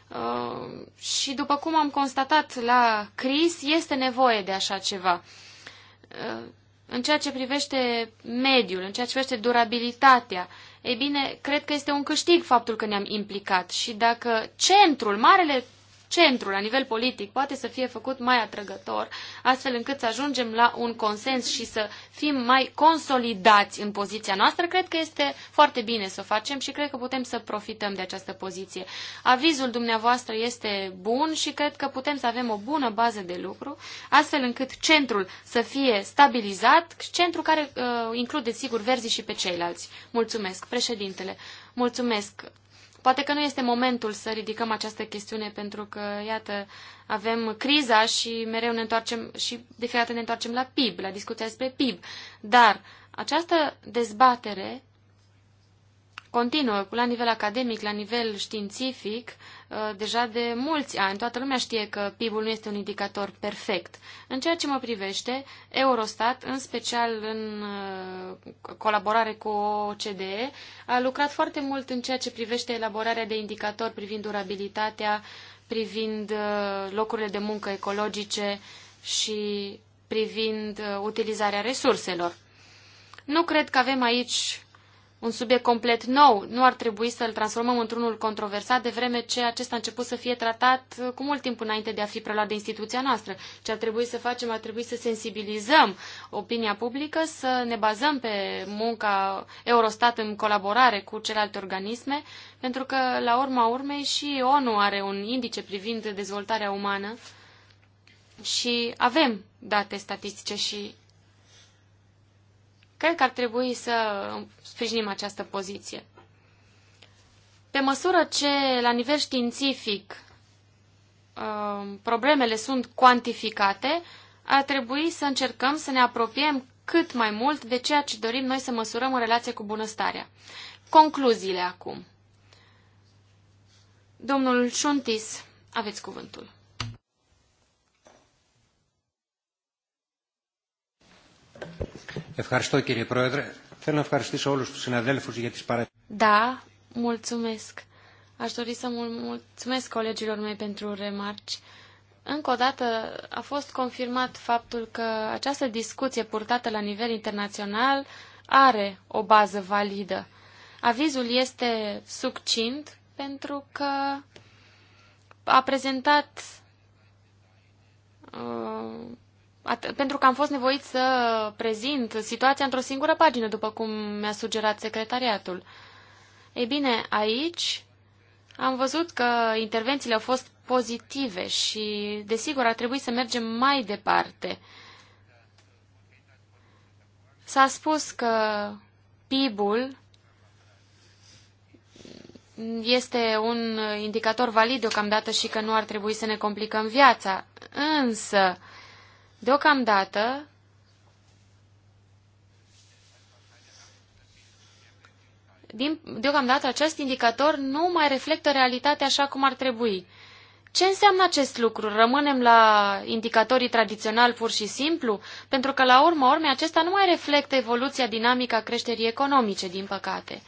uh, și, după cum am constatat la CRIS, este nevoie de așa ceva. Uh, în ceea ce privește mediul, în ceea ce privește durabilitatea, ei bine, cred că este un câștig faptul că ne-am implicat și dacă centrul, marele centru, la nivel politic, poate să fie făcut mai atrăgător, astfel încât să ajungem la un consens și să fim mai consolidați în poziția noastră, cred că este foarte bine să o facem și cred că putem să profităm de această poziție. Avizul dumneavoastră este bun și cred că putem să avem o bună bază de lucru, astfel încât centrul să fie stabilizat, centru care uh, include, sigur, verzii și pe ceilalți. Mulțumesc, președintele. Mulțumesc, Poate că nu este momentul să ridicăm această chestiune, pentru că, iată, avem criza și mereu ne întoarcem și de fiecare dată ne întoarcem la PIB, la discuția despre PIB. Dar această dezbatere continuă, la nivel academic, la nivel științific, Uh, deja de mulți ani. Toată lumea știe că PIB-ul nu este un indicator perfect. În ceea ce mă privește, Eurostat, în special în uh, colaborare cu OCDE, a lucrat foarte mult în ceea ce privește elaborarea de indicatori privind durabilitatea, privind uh, locurile de muncă ecologice și privind utilizarea resurselor. Nu cred că avem aici un subiect complet nou. Nu ar trebui să-l transformăm într-unul controversat, de vreme ce acesta a început să fie tratat uh, cu mult timp înainte de a fi preluat de instituția noastră. Ce ar trebui să facem, ar trebui să sensibilizăm opinia publică, să ne bazăm pe munca Eurostat în colaborare cu celelalte organisme, pentru că, la urma urmei, și ONU are un indice privind dezvoltarea umană și avem date statistice și Cred că ar trebui să sprijinim această poziție. Pe măsură ce, la nivel științific, um, problemele sunt cuantificate, ar trebui să încercăm să ne apropiem cât mai mult de ceea ce dorim noi să măsurăm în relație cu bunăstarea. Concluziile acum. Domnul Șuntis, aveți cuvântul. Ευχαριστώ κύριε Πρόεδρε. Θέλω να ευχαριστήσω όλους τους συναδέλφους για τις παρατηρήσεις. Da, mulțumesc. Aș dori să mulțumesc colegilor mei pentru remarci. Încă o dată a fost confirmat faptul că această discuție purtată la nivel internațional are o bază validă. Avizul este succint pentru că a prezentat uh, pentru că am fost nevoit să prezint situația într-o singură pagină, după cum mi-a sugerat secretariatul. Ei bine, aici am văzut că intervențiile au fost pozitive și, desigur, ar trebui să mergem mai departe. S-a spus că PIB-ul este un indicator valid deocamdată și că nu ar trebui să ne complicăm viața. Însă, Deocamdată, din, deocamdată acest indicator nu mai reflectă realitatea așa cum ar trebui. Ce înseamnă acest lucru? Rămânem la indicatorii tradiționali pur și simplu? Pentru că, la urma urmei, acesta nu mai reflectă evoluția dinamică a creșterii economice, din păcate.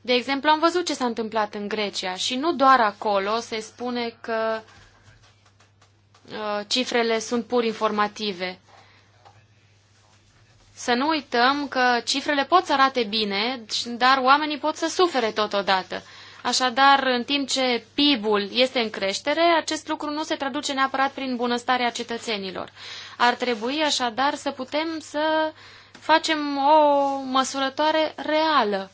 De exemplu, am văzut ce s-a întâmplat în Grecia și nu doar acolo se spune că Uh, cifrele sunt pur informative. Să nu uităm că cifrele pot să arate bine, dar oamenii pot să sufere totodată. Așadar, în timp ce PIB-ul este în creștere, acest lucru nu se traduce neapărat prin bunăstarea cetățenilor. Ar trebui așadar să putem să facem o măsurătoare reală.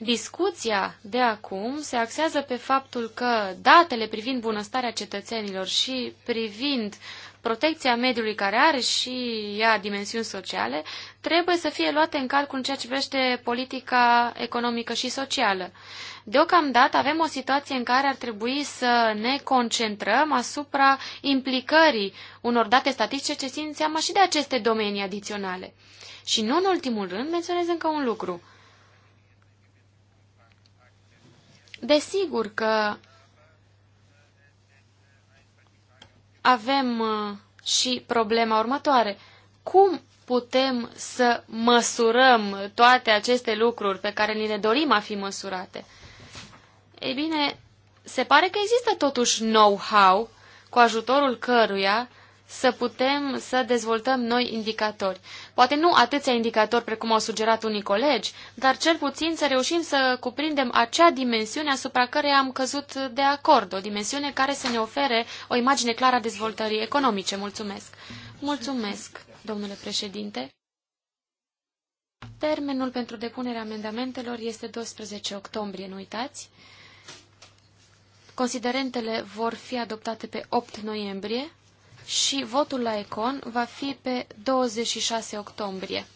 Discuția de acum se axează pe faptul că datele privind bunăstarea cetățenilor și privind protecția mediului care are și ea dimensiuni sociale trebuie să fie luate în calcul în ceea ce privește politica economică și socială. Deocamdată avem o situație în care ar trebui să ne concentrăm asupra implicării unor date statistice ce țin seama și de aceste domenii adiționale. Și nu în ultimul rând menționez încă un lucru – Desigur că avem uh, și problema următoare. Cum putem să măsurăm toate aceste lucruri pe care ni le dorim a fi măsurate? Ei bine, se pare că există totuși know-how cu ajutorul căruia să putem să dezvoltăm noi indicatori. Poate nu atâția indicatori precum au sugerat unii colegi, dar cel puțin să reușim să cuprindem acea dimensiune asupra care am căzut de acord, o dimensiune care să ne ofere o imagine clară a dezvoltării economice. Mulțumesc! Mulțumesc, domnule președinte! Termenul pentru depunerea amendamentelor este 12 octombrie, nu uitați. Considerentele vor fi adoptate pe 8 noiembrie și votul la Econ va fi pe 26 octombrie.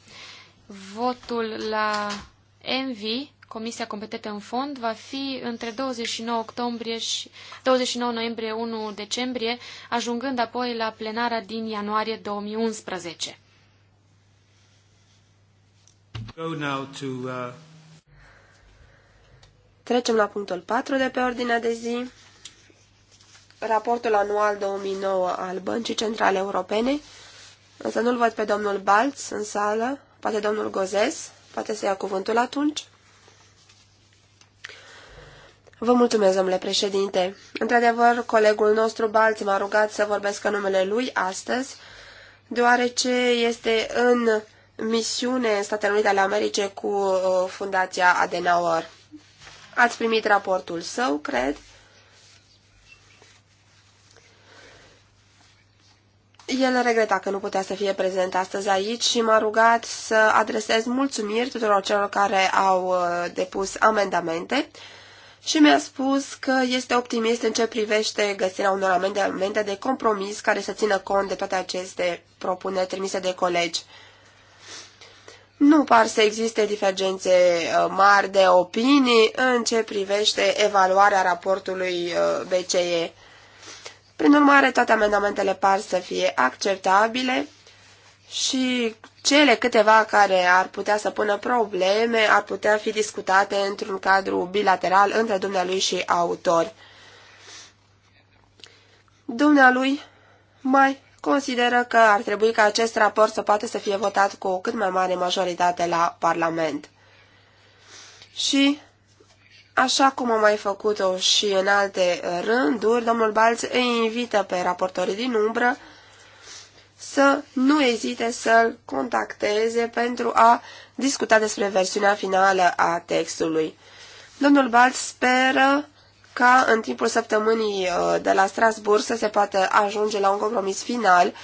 Votul la Envi, Comisia Competentă în Fond, va fi între 29, octombrie și 29 noiembrie 1 decembrie, ajungând apoi la plenara din ianuarie 2011. Go now to, uh... Trecem la punctul 4 de pe ordinea de zi raportul anual 2009 al Băncii Centrale Europene, însă nu-l văd pe domnul Balț în sală, poate domnul Gozes, poate să ia cuvântul atunci. Vă mulțumesc, domnule președinte. Într-adevăr, colegul nostru Balț m-a rugat să vorbesc în numele lui astăzi, deoarece este în misiune în Statele Unite ale Americii cu uh, Fundația Adenauer. Ați primit raportul său, cred, El regreta că nu putea să fie prezent astăzi aici și m-a rugat să adresez mulțumiri tuturor celor care au uh, depus amendamente și mi-a spus că este optimist în ce privește găsirea unor amendamente de compromis care să țină cont de toate aceste propuneri trimise de colegi. Nu par să existe divergențe uh, mari de opinii în ce privește evaluarea raportului uh, BCE. Prin urmare, toate amendamentele par să fie acceptabile și cele câteva care ar putea să pună probleme ar putea fi discutate într-un cadru bilateral între dumnealui și autor. Dumnealui mai consideră că ar trebui ca acest raport să poată să fie votat cu o cât mai mare majoritate la Parlament. Și Așa cum am mai făcut-o și în alte uh, rânduri, domnul Balț îi invită pe raportorii din umbră să nu ezite să-l contacteze pentru a discuta despre versiunea finală a textului. Domnul Balț speră ca în timpul săptămânii uh, de la Strasburg să se poată ajunge la un compromis final,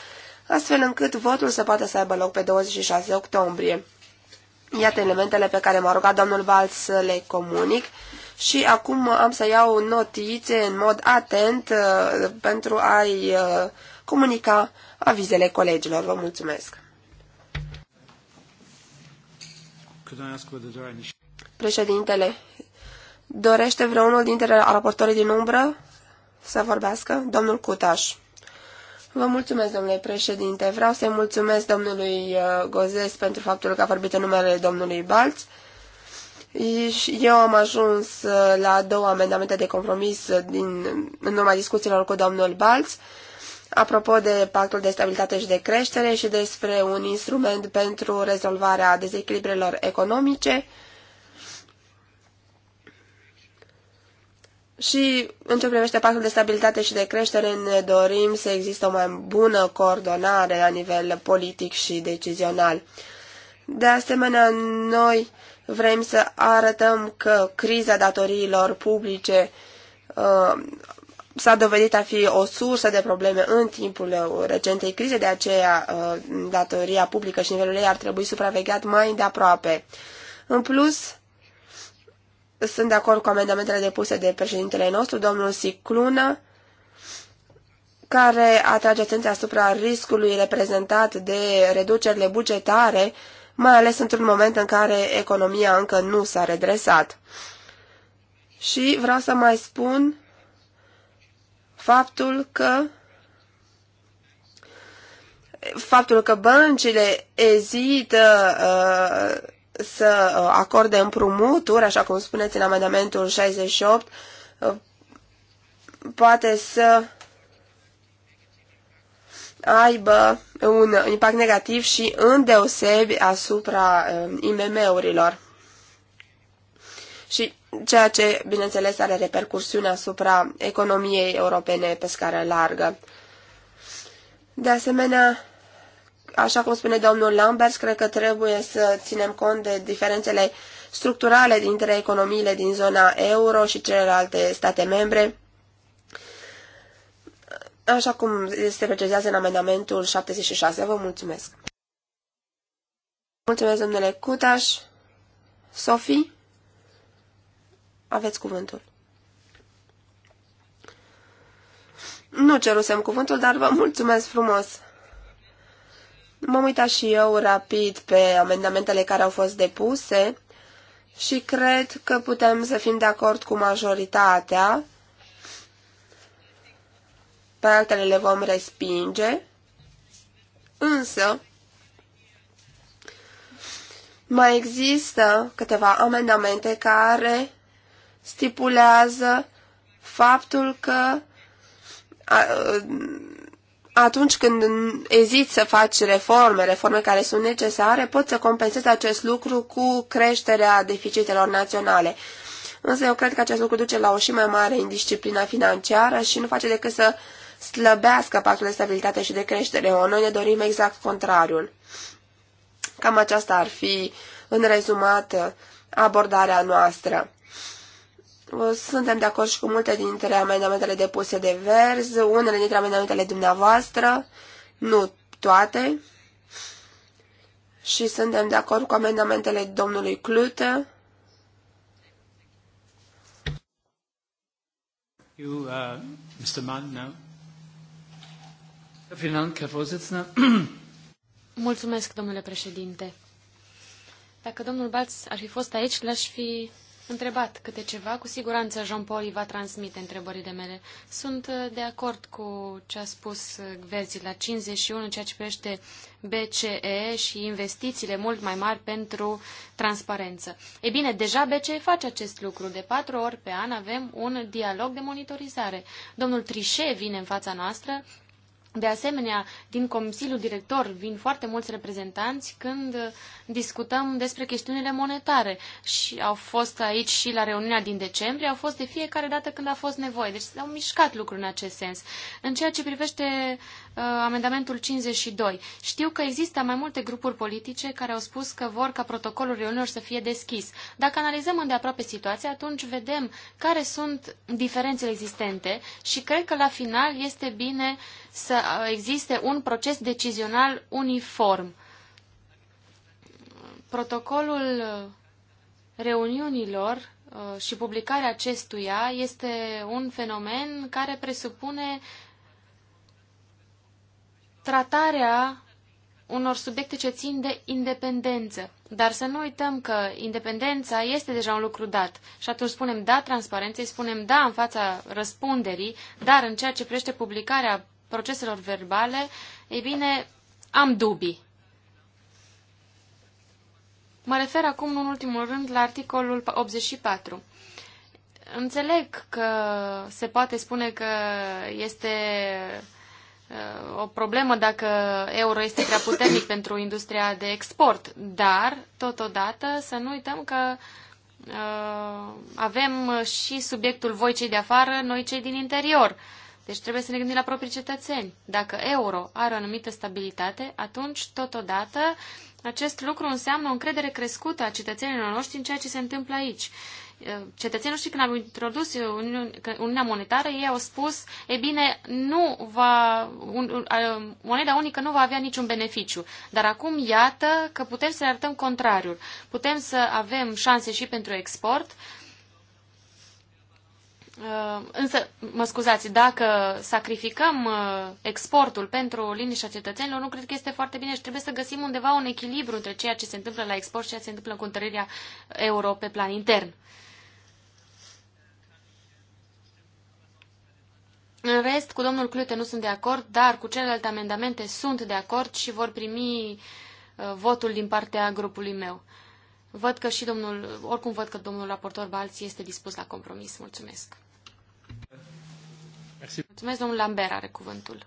astfel încât votul să poată să aibă loc pe 26 octombrie. Iată elementele pe care m-a rugat domnul Balț să le comunic și acum am să iau notițe în mod atent uh, pentru a-i uh, comunica avizele colegilor. Vă mulțumesc! Președintele, dorește vreunul dintre raportorii din umbră să vorbească? Domnul Cutaș. Vă mulțumesc, domnule președinte. Vreau să-i mulțumesc domnului uh, Gozes pentru faptul că a vorbit în numele domnului Balț. Eu am ajuns uh, la două amendamente de compromis uh, din, în urma discuțiilor cu domnul Balț, apropo de pactul de stabilitate și de creștere și despre un instrument pentru rezolvarea dezechilibrelor economice. Și în ce privește pactul de stabilitate și de creștere, ne dorim să există o mai bună coordonare la nivel politic și decizional. De asemenea, noi Vrem să arătăm că criza datoriilor publice uh, s-a dovedit a fi o sursă de probleme în timpul uh, recentei crize, de aceea uh, datoria publică și nivelul ei ar trebui supravegheat mai de aproape. În plus, sunt de acord cu amendamentele depuse de președintele nostru, domnul Siclună, care atrage atenția asupra riscului reprezentat de reducerile bugetare mai ales într-un moment în care economia încă nu s-a redresat. Și vreau să mai spun faptul că faptul că băncile ezită uh, să uh, acorde împrumuturi, așa cum spuneți în amendamentul 68, uh, poate să aibă un impact negativ și îndeosebi asupra um, IMM-urilor. Și ceea ce, bineînțeles, are repercursiune asupra economiei europene pe scară largă. De asemenea, așa cum spune domnul Lambers, cred că trebuie să ținem cont de diferențele structurale dintre economiile din zona euro și celelalte state membre, așa cum se precizează în amendamentul 76. Vă mulțumesc. Mulțumesc, domnule Cutaș. Sofie, aveți cuvântul. Nu cerusem cuvântul, dar vă mulțumesc frumos. M-am uitat și eu rapid pe amendamentele care au fost depuse și cred că putem să fim de acord cu majoritatea pe altele le vom respinge, însă mai există câteva amendamente care stipulează faptul că atunci când eziți să faci reforme, reforme care sunt necesare, poți să compensezi acest lucru cu creșterea deficitelor naționale. Însă eu cred că acest lucru duce la o și mai mare indisciplină financiară și nu face decât să uh, slăbească pactul de stabilitate și de creștere. O, noi ne dorim exact contrariul. Cam aceasta ar fi, în rezumat, abordarea noastră. Suntem de acord și cu multe dintre amendamentele depuse de vers, unele dintre amendamentele dumneavoastră, nu toate, și suntem de acord cu amendamentele domnului Clute. You, uh, Mr. Mann, now. Mulțumesc, domnule președinte. Dacă domnul Balț ar fi fost aici, l-aș fi întrebat câte ceva. Cu siguranță Jean-Paul îi va transmite întrebările mele. Sunt uh, de acord cu ce a spus Gverzi uh, la 51 în ceea ce privește BCE și investițiile mult mai mari pentru transparență. Ei bine, deja BCE face acest lucru. De patru ori pe an avem un dialog de monitorizare. Domnul Trichet vine în fața noastră de asemenea, din Consiliul Director vin foarte mulți reprezentanți când discutăm despre chestiunile monetare și au fost aici și la reuniunea din decembrie, au fost de fiecare dată când a fost nevoie. Deci s-au mișcat lucruri în acest sens. În ceea ce privește Uh, amendamentul 52. Știu că există mai multe grupuri politice care au spus că vor ca protocolul reuniunilor să fie deschis. Dacă analizăm îndeaproape situația, atunci vedem care sunt diferențele existente și cred că la final este bine să uh, existe un proces decizional uniform. Protocolul uh, reuniunilor și publicarea acestuia este un fenomen care presupune tratarea unor subiecte ce țin de independență. Dar să nu uităm că independența este deja un lucru dat. Și atunci spunem da transparenței, spunem da în fața răspunderii, dar în ceea ce privește publicarea proceselor verbale, ei bine, am dubii. Mă refer acum, în ultimul rând, la articolul 84. Înțeleg că se poate spune că este o problemă dacă euro este prea puternic <coughs> pentru industria de export, dar totodată să nu uităm că uh, avem și subiectul voi cei de afară, noi cei din interior. Deci trebuie să ne gândim la proprii cetățeni. Dacă euro are o anumită stabilitate, atunci totodată acest lucru înseamnă o încredere crescută a cetățenilor noștri în ceea ce se întâmplă aici cetățenii și când am introdus Uniunea Monetară, ei au spus, e bine, nu va, un, un, moneda unică nu va avea niciun beneficiu. Dar acum iată că putem să ne arătăm contrariul. Putem să avem șanse și pentru export, uh, Însă, mă scuzați, dacă sacrificăm uh, exportul pentru liniștea cetățenilor, nu cred că este foarte bine și trebuie să găsim undeva un echilibru între ceea ce se întâmplă la export și ceea ce se întâmplă cu întărirea euro pe plan intern. În rest, cu domnul Clute nu sunt de acord, dar cu celelalte amendamente sunt de acord și vor primi uh, votul din partea grupului meu. Văd că și domnul, oricum văd că domnul raportor Balți este dispus la compromis. Mulțumesc. Merci. Mulțumesc, domnul Lambert are cuvântul.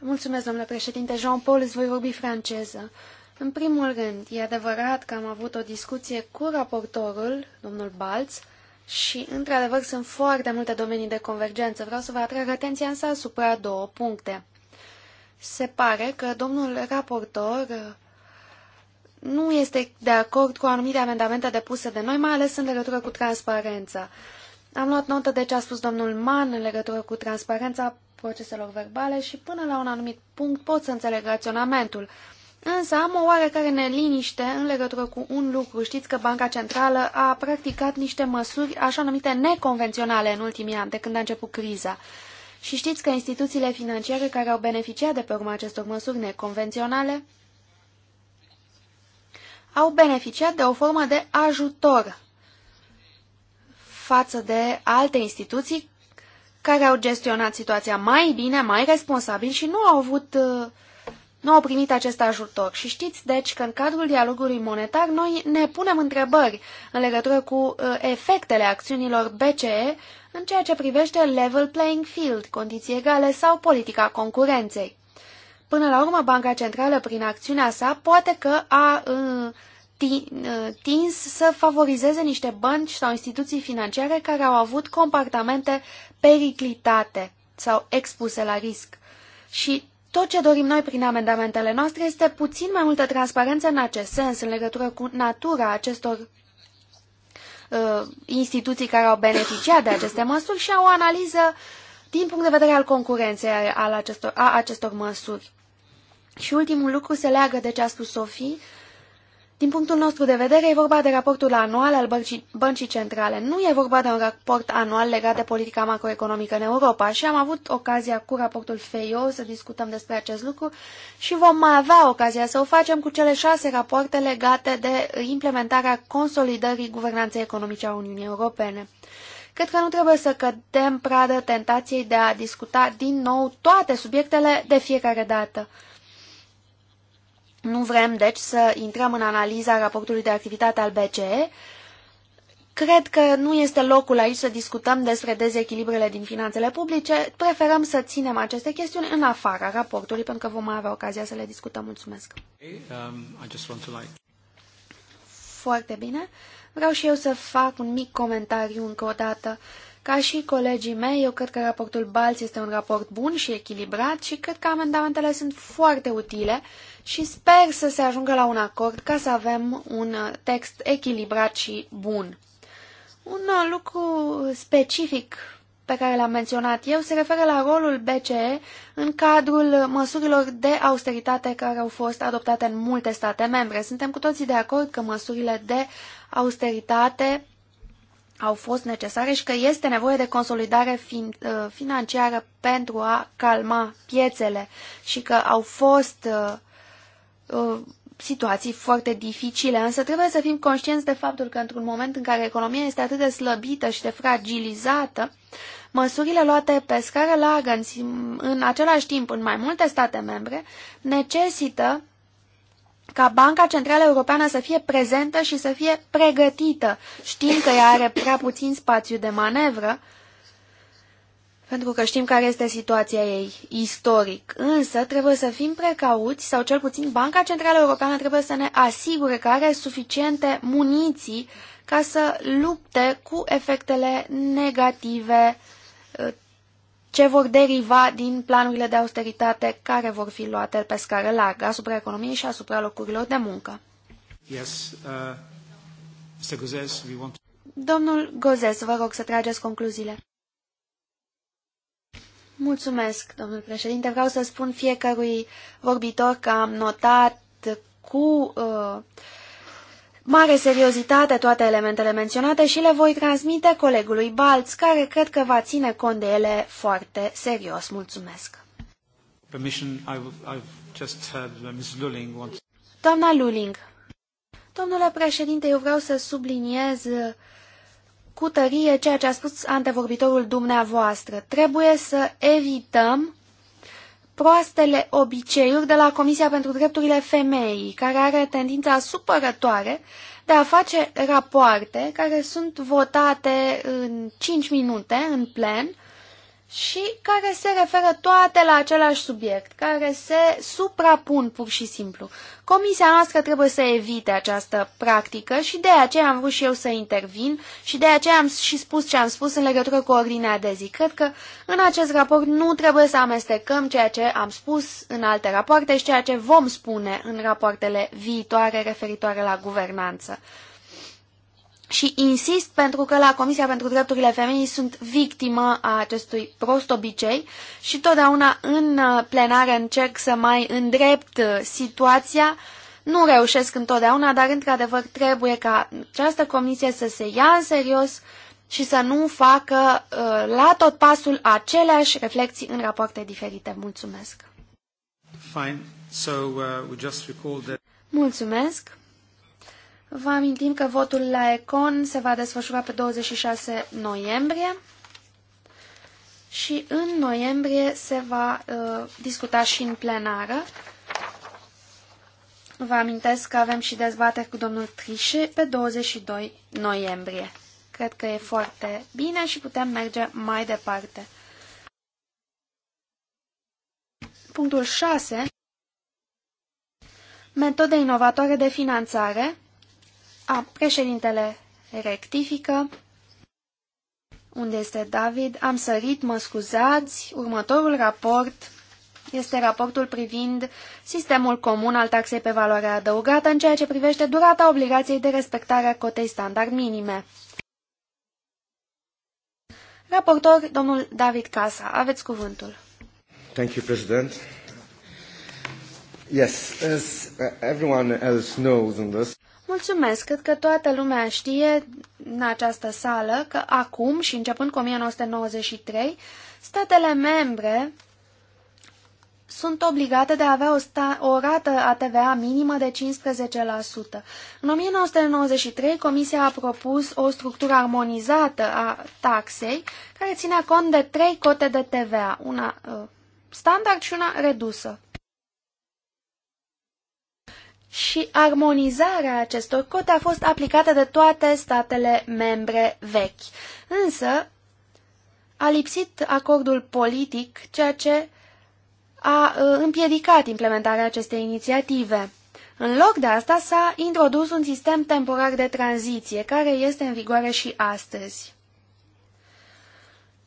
Mulțumesc, domnule președinte. Jean-Paul, îți voi vorbi franceză. În primul rând, e adevărat că am avut o discuție cu raportorul, domnul Balț, și, într-adevăr, sunt foarte multe domenii de convergență. Vreau să vă atrag atenția însă asupra două puncte. Se pare că domnul raportor uh, nu este de acord cu anumite amendamente depuse de noi, mai ales în legătură cu transparența. Am luat notă de ce a spus domnul Mann în legătură cu transparența proceselor verbale și până la un anumit punct pot să înțeleg raționamentul. Însă am o oarecare neliniște în legătură cu un lucru. Știți că Banca Centrală a practicat niște măsuri așa numite neconvenționale în ultimii ani, de când a început criza. Și știți că instituțiile financiare care au beneficiat de pe urma acestor măsuri neconvenționale au beneficiat de o formă de ajutor față de alte instituții care au gestionat situația mai bine, mai responsabil și nu au avut uh, nu au primit acest ajutor. Și știți, deci, că în cadrul dialogului monetar noi ne punem întrebări în legătură cu uh, efectele acțiunilor BCE în ceea ce privește level playing field, condiții egale sau politica concurenței. Până la urmă, Banca Centrală, prin acțiunea sa, poate că a uh, uh, tins să favorizeze niște bănci sau instituții financiare care au avut comportamente periclitate sau expuse la risc. Și tot ce dorim noi prin amendamentele noastre este puțin mai multă transparență în acest sens, în legătură cu natura acestor uh, instituții care au beneficiat de aceste măsuri și au o analiză din punct de vedere al concurenței al acestor, a acestor măsuri. Și ultimul lucru se leagă de ce a spus Sofie, din punctul nostru de vedere, e vorba de raportul anual al Băncii, Centrale. Nu e vorba de un raport anual legat de politica macroeconomică în Europa și am avut ocazia cu raportul FEIO să discutăm despre acest lucru și vom mai avea ocazia să o facem cu cele șase rapoarte legate de implementarea consolidării guvernanței economice a Uniunii Europene. Cred că nu trebuie să cădem pradă tentației de a discuta din nou toate subiectele de fiecare dată. Nu vrem, deci, să intrăm în analiza raportului de activitate al BCE. Cred că nu este locul aici să discutăm despre dezechilibrele din finanțele publice. Preferăm să ținem aceste chestiuni în afara raportului, pentru că vom mai avea ocazia să le discutăm. Mulțumesc! Um, Foarte bine. Vreau și eu să fac un mic comentariu încă o dată. Uh, ca și colegii mei, eu cred că raportul Balț este un raport bun și echilibrat și cred că amendamentele sunt foarte utile și sper să se ajungă la un acord ca să avem un text echilibrat și bun. Un lucru specific pe care l-am menționat eu se referă la rolul BCE în cadrul măsurilor de austeritate care au fost adoptate în multe state membre. Suntem cu toții de acord că măsurile de austeritate au fost necesare și că este nevoie de consolidare fin, uh, financiară pentru a calma piețele și că au fost uh, uh, situații foarte dificile, însă trebuie să fim conștienți de faptul că într-un moment în care economia este atât de slăbită și de fragilizată, măsurile luate pe scară largă în, în același timp în mai multe state membre necesită ca Banca Centrală Europeană să fie prezentă și să fie pregătită. Știm că ea are prea puțin spațiu de manevră, pentru că știm care este situația ei istoric. Însă trebuie să fim precauți, sau cel puțin Banca Centrală Europeană trebuie să ne asigure că are suficiente muniții ca să lupte cu efectele negative ce vor deriva din planurile de austeritate care vor fi luate pe scară largă asupra economiei și asupra locurilor de muncă. Yes, uh, Mr. Gozes, we want... Domnul Gozes, vă rog să trageți concluziile. Mulțumesc, domnul președinte. Vreau să spun fiecărui vorbitor că am notat cu uh, mare seriozitate toate elementele menționate și le voi transmite colegului Balț, care cred că va ține cont de ele foarte serios. Mulțumesc! Doamna Luling, domnule președinte, eu vreau să subliniez uh, cu tărie ceea ce a spus antevorbitorul dumneavoastră. Trebuie să evităm proastele obiceiuri de la Comisia pentru Drepturile Femeii, care are tendința supărătoare de a face rapoarte care sunt votate în 5 minute în plen și care se referă toate la același subiect, care se suprapun pur și simplu. Comisia noastră trebuie să evite această practică și de aceea am vrut și eu să intervin și de aceea am și spus ce am spus în legătură cu ordinea de zi. Cred că în acest raport nu trebuie să amestecăm ceea ce am spus în alte rapoarte și ceea ce vom spune în rapoartele viitoare referitoare la guvernanță. Și insist pentru că la Comisia pentru Drepturile Femeii sunt victimă a acestui prost obicei și totdeauna în uh, plenare încerc să mai îndrept uh, situația. Nu reușesc întotdeauna, dar într-adevăr trebuie ca această comisie să se ia în serios și să nu facă uh, la tot pasul aceleași reflexii în rapoarte diferite. Mulțumesc! Fine. So, uh, we just that... Mulțumesc! Vă amintim că votul la Econ se va desfășura pe 26 noiembrie și în noiembrie se va uh, discuta și în plenară. Vă amintesc că avem și dezbateri cu domnul Trișe pe 22 noiembrie. Cred că e foarte bine și putem merge mai departe. Punctul 6. Metode inovatoare de finanțare a, președintele rectifică. Unde este David? Am sărit, mă scuzați. Următorul raport este raportul privind sistemul comun al taxei pe valoare adăugată în ceea ce privește durata obligației de respectare a cotei standard minime. Raportor, domnul David Casa, aveți cuvântul. Thank you, President. Yes, as everyone else knows in this. Mulțumesc! Cred că toată lumea știe în această sală că acum și începând cu 1993, statele membre sunt obligate de a avea o, sta, o rată a TVA minimă de 15%. În 1993, Comisia a propus o structură armonizată a taxei care ținea cont de trei cote de TVA, una uh, standard și una redusă și armonizarea acestor cote a fost aplicată de toate statele membre vechi. Însă a lipsit acordul politic, ceea ce a uh, împiedicat implementarea acestei inițiative. În loc de asta s-a introdus un sistem temporar de tranziție, care este în vigoare și astăzi.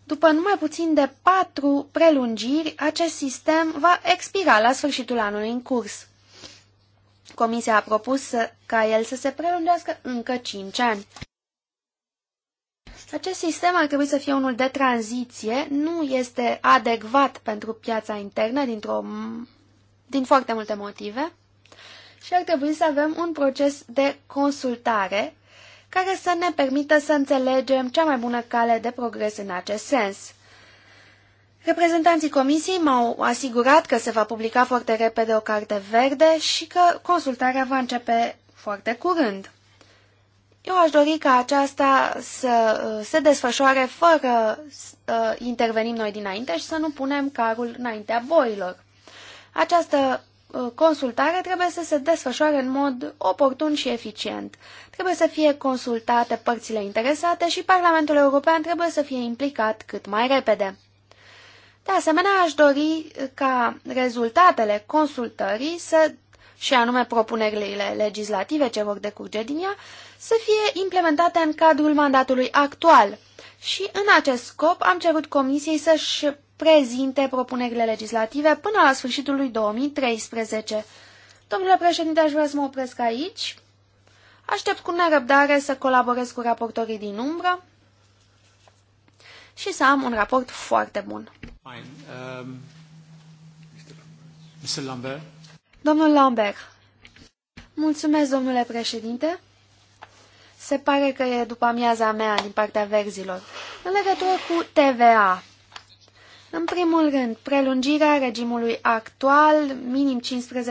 După numai puțin de patru prelungiri, acest sistem va expira la sfârșitul anului în curs. Comisia a propus să, ca el să se prelungească încă 5 ani. Acest sistem ar trebui să fie unul de tranziție, nu este adecvat pentru piața internă dintr-o, din foarte multe motive și ar trebui să avem un proces de consultare care să ne permită să înțelegem cea mai bună cale de progres în acest sens. Reprezentanții comisiei m-au asigurat că se va publica foarte repede o carte verde și că consultarea va începe foarte curând. Eu aș dori ca aceasta să uh, se desfășoare fără să uh, intervenim noi dinainte și să nu punem carul înaintea boilor. Această uh, consultare trebuie să se desfășoare în mod oportun și eficient. Trebuie să fie consultate părțile interesate și Parlamentul European trebuie să fie implicat cât mai repede. De asemenea, aș dori ca rezultatele consultării să și anume propunerile legislative ce vor decurge din ea, să fie implementate în cadrul mandatului actual. Și în acest scop am cerut Comisiei să-și prezinte propunerile legislative până la sfârșitul lui 2013. Domnule președinte, aș vrea să mă opresc aici. Aștept cu nerăbdare să colaborez cu raportorii din umbră și să am un raport foarte bun. Um, Mr. Lambert. Domnul Lambert. Mulțumesc, domnule președinte. Se pare că e după amiaza mea din partea verzilor. În legătură cu TVA, în primul rând, prelungirea regimului actual, minim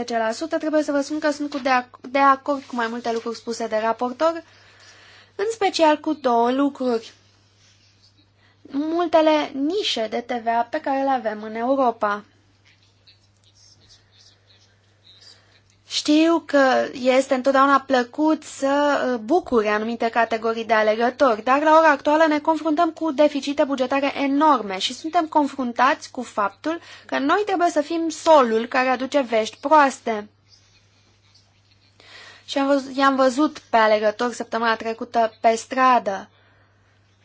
15%, trebuie să vă spun că sunt cu de, ac de acord cu mai multe lucruri spuse de raportor, în special cu două lucruri multele nișe de TVA pe care le avem în Europa. Știu că este întotdeauna plăcut să uh, bucure anumite categorii de alegători, dar la ora actuală ne confruntăm cu deficite bugetare enorme și suntem confruntați cu faptul că noi trebuie să fim solul care aduce vești proaste. Și i-am văzut, pe alegători săptămâna trecută pe stradă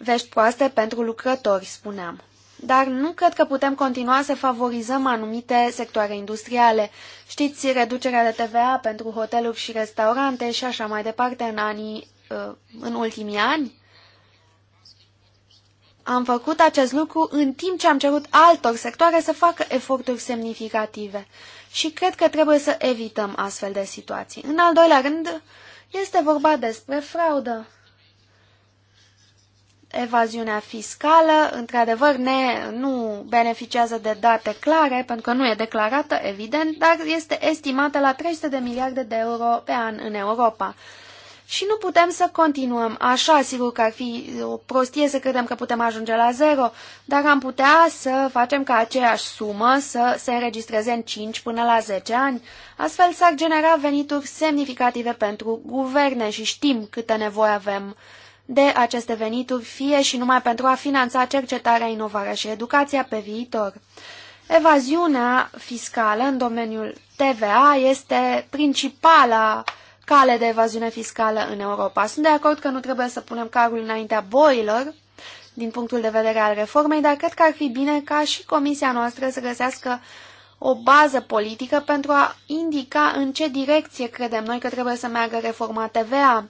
vești proaste pentru lucrători, spuneam. Dar nu cred că putem continua să favorizăm anumite sectoare industriale. Știți, reducerea de TVA pentru hoteluri și restaurante și așa mai departe în, anii, uh, în ultimii ani? Am făcut acest lucru în timp ce am cerut altor sectoare să facă eforturi semnificative și cred că trebuie să evităm astfel de situații. În al doilea rând, este vorba despre fraudă evaziunea fiscală, într-adevăr, ne, nu beneficiază de date clare, pentru că nu e declarată, evident, dar este estimată la 300 de miliarde de euro pe an în Europa. Și nu putem să continuăm așa, sigur că ar fi o prostie să credem că putem ajunge la zero, dar am putea să facem ca aceeași sumă să se înregistreze în 5 până la 10 ani. Astfel s-ar genera venituri semnificative pentru guverne și știm câtă nevoie avem uh, de aceste venituri, fie și numai pentru a finanța cercetarea, inovarea și educația pe viitor. Evaziunea fiscală în domeniul TVA este principala cale de evaziune fiscală în Europa. Sunt de acord că nu trebuie să punem carul înaintea boilor, din punctul de vedere al reformei, dar cred că ar fi bine ca și comisia noastră să găsească o bază politică pentru a indica în ce direcție credem noi că trebuie să meargă reforma TVA.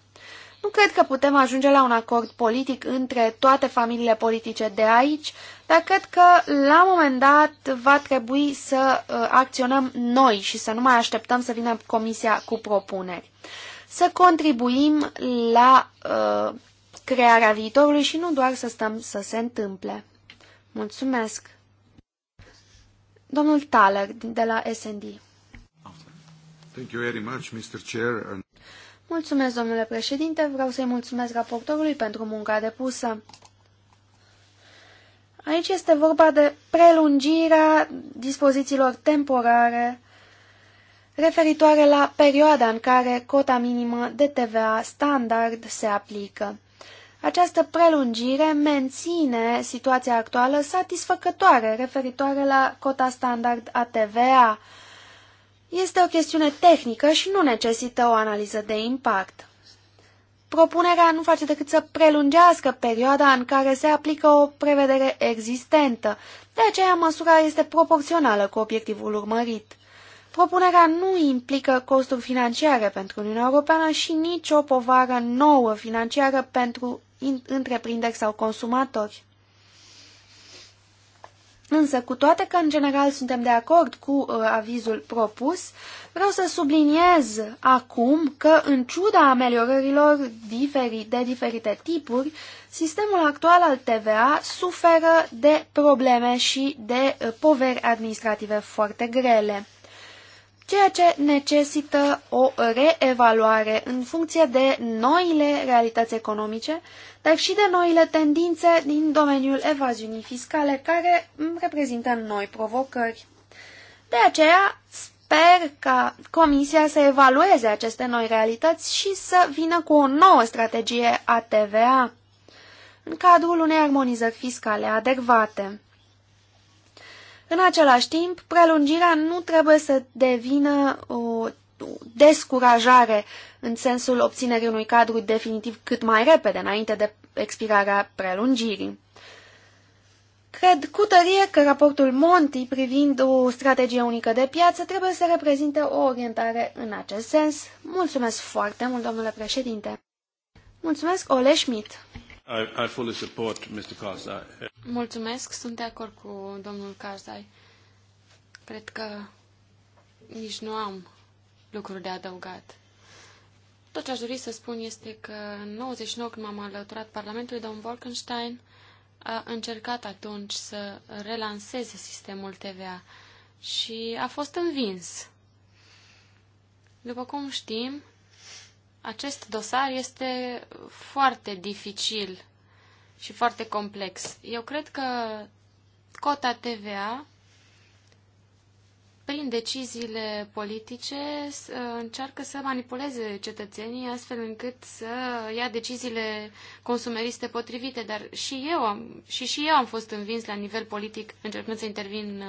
Nu cred că putem ajunge la un acord politic între toate familiile politice de aici, dar cred că la un moment dat va trebui să uh, acționăm noi și să nu mai așteptăm să vină Comisia cu propuneri. Să contribuim la uh, crearea viitorului și nu doar să stăm să se întâmple. Mulțumesc! Domnul Thaler de la SND. Thank you very much, Mr. Chair. Mulțumesc, domnule președinte, vreau să-i mulțumesc raportorului pentru munca depusă. Aici este vorba de prelungirea dispozițiilor temporare referitoare la perioada în care cota minimă de TVA standard se aplică. Această prelungire menține situația actuală satisfăcătoare referitoare la cota standard a TVA, este o chestiune tehnică și nu necesită o analiză de impact. Propunerea nu face decât să prelungească perioada în care se aplică o prevedere existentă, de aceea măsura este proporțională cu obiectivul urmărit. Propunerea nu implică costuri financiare pentru Uniunea Europeană și nici o povară nouă financiară pentru întreprinderi sau consumatori. Însă, cu toate că în general suntem de acord cu uh, avizul propus, vreau să subliniez acum că, în ciuda ameliorărilor diferi, de diferite tipuri, sistemul actual al TVA suferă de probleme și de uh, poveri administrative foarte grele ceea ce necesită o reevaluare în funcție de noile realități economice, dar și de noile tendințe din domeniul evaziunii fiscale, care reprezintă noi provocări. De aceea, sper ca Comisia să evalueze aceste noi realități și să vină cu o nouă strategie a TVA în cadrul unei armonizări fiscale adecvate. În același timp, prelungirea nu trebuie să devină o descurajare în sensul obținerii unui cadru definitiv cât mai repede, înainte de expirarea prelungirii. Cred cu tărie că raportul Monti privind o strategie unică de piață trebuie să reprezinte o orientare în acest sens. Mulțumesc foarte mult, domnule președinte! Mulțumesc, Ole Schmidt! I, I fully support Mr. Karzai. Mulțumesc, sunt de acord cu domnul Karzai. Cred că nici nu am lucruri de adăugat. Tot ce aș dori să spun este că în 99, când m-am alăturat Parlamentului, domnul Wolkenstein a încercat atunci să relanseze sistemul TVA și a fost învins. După cum știm, acest dosar este foarte dificil și foarte complex. Eu cred că cota TVA, prin deciziile politice, încearcă să manipuleze cetățenii astfel încât să ia deciziile consumeriste potrivite, dar și eu am, și, și eu am fost învins la nivel politic încercând să intervin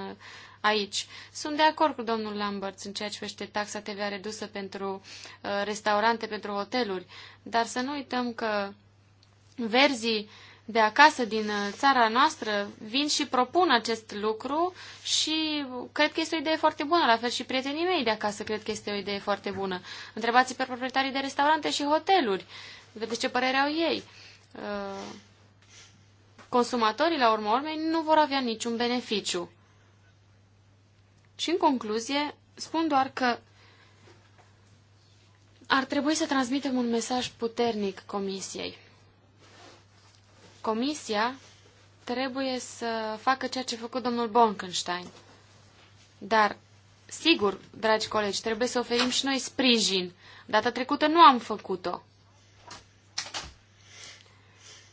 aici. Sunt de acord cu domnul Lambert în ceea ce vește taxa TVA redusă pentru uh, restaurante, pentru hoteluri, dar să nu uităm că verzii de acasă, din uh, țara noastră, vin și propun acest lucru și cred că este o idee foarte bună. La fel și prietenii mei de acasă cred că este o idee foarte bună. Întrebați pe proprietarii de restaurante și hoteluri. Vedeți ce părere au ei. Uh, consumatorii, la urmă urmei, nu vor avea niciun beneficiu. Și în concluzie, spun doar că ar trebui să transmitem un mesaj puternic Comisiei. Comisia trebuie să facă ceea ce a făcut domnul Bonkenstein. Dar, sigur, dragi colegi, trebuie să oferim și noi sprijin. Data trecută nu am făcut-o.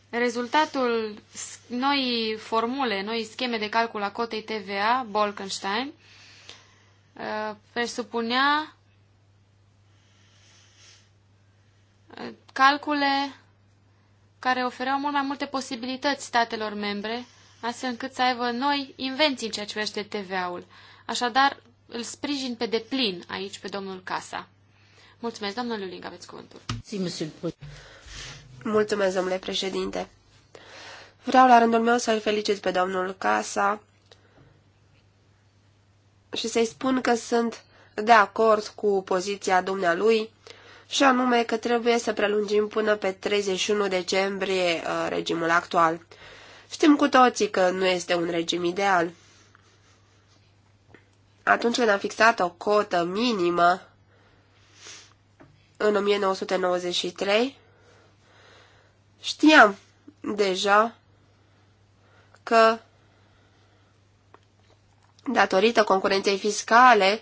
Rezultatul noi formule, noi scheme de calcul a cotei TVA, Bolkenstein, presupunea uh, uh, calcule care ofereau mult mai multe posibilități statelor membre, astfel încât să aibă noi invenții în ceea ce privește TVA-ul. Așadar, îl sprijin pe deplin aici pe domnul Casa. Mulțumesc, domnul Luling, aveți cuvântul. Mulțumesc, domnule președinte. Vreau la rândul meu să-l felicit pe domnul Casa și să-i spun că sunt de acord cu poziția dumnealui și anume că trebuie să prelungim până pe 31 decembrie uh, regimul actual. Știm cu toții că nu este un regim ideal. Atunci când am fixat o cotă minimă în 1993, știam deja că datorită concurenței fiscale,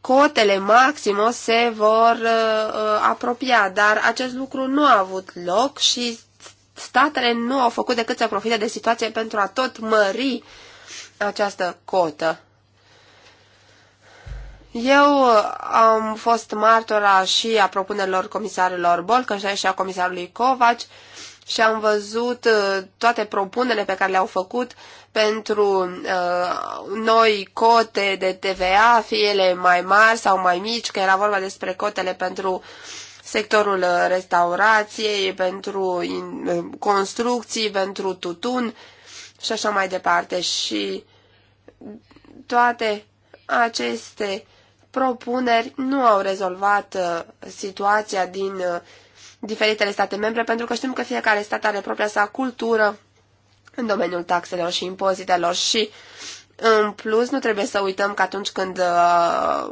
cotele maximo se vor uh, uh, apropia, dar acest lucru nu a avut loc și statele nu au făcut decât să profite de situație pentru a tot mări această cotă. Eu uh, am fost martora și a propunerilor comisarilor Bolcășa și a comisarului Covaci și am văzut uh, toate propunerile pe care le-au făcut pentru uh, noi cote de TVA, fie ele mai mari sau mai mici, că era vorba despre cotele pentru sectorul uh, restaurației, pentru in, uh, construcții, pentru tutun și așa mai departe. Și toate aceste propuneri nu au rezolvat uh, situația din uh, diferitele state membre, pentru că știm că fiecare stat are propria sa cultură în domeniul taxelor și impozitelor și în plus, nu trebuie să uităm că atunci când uh,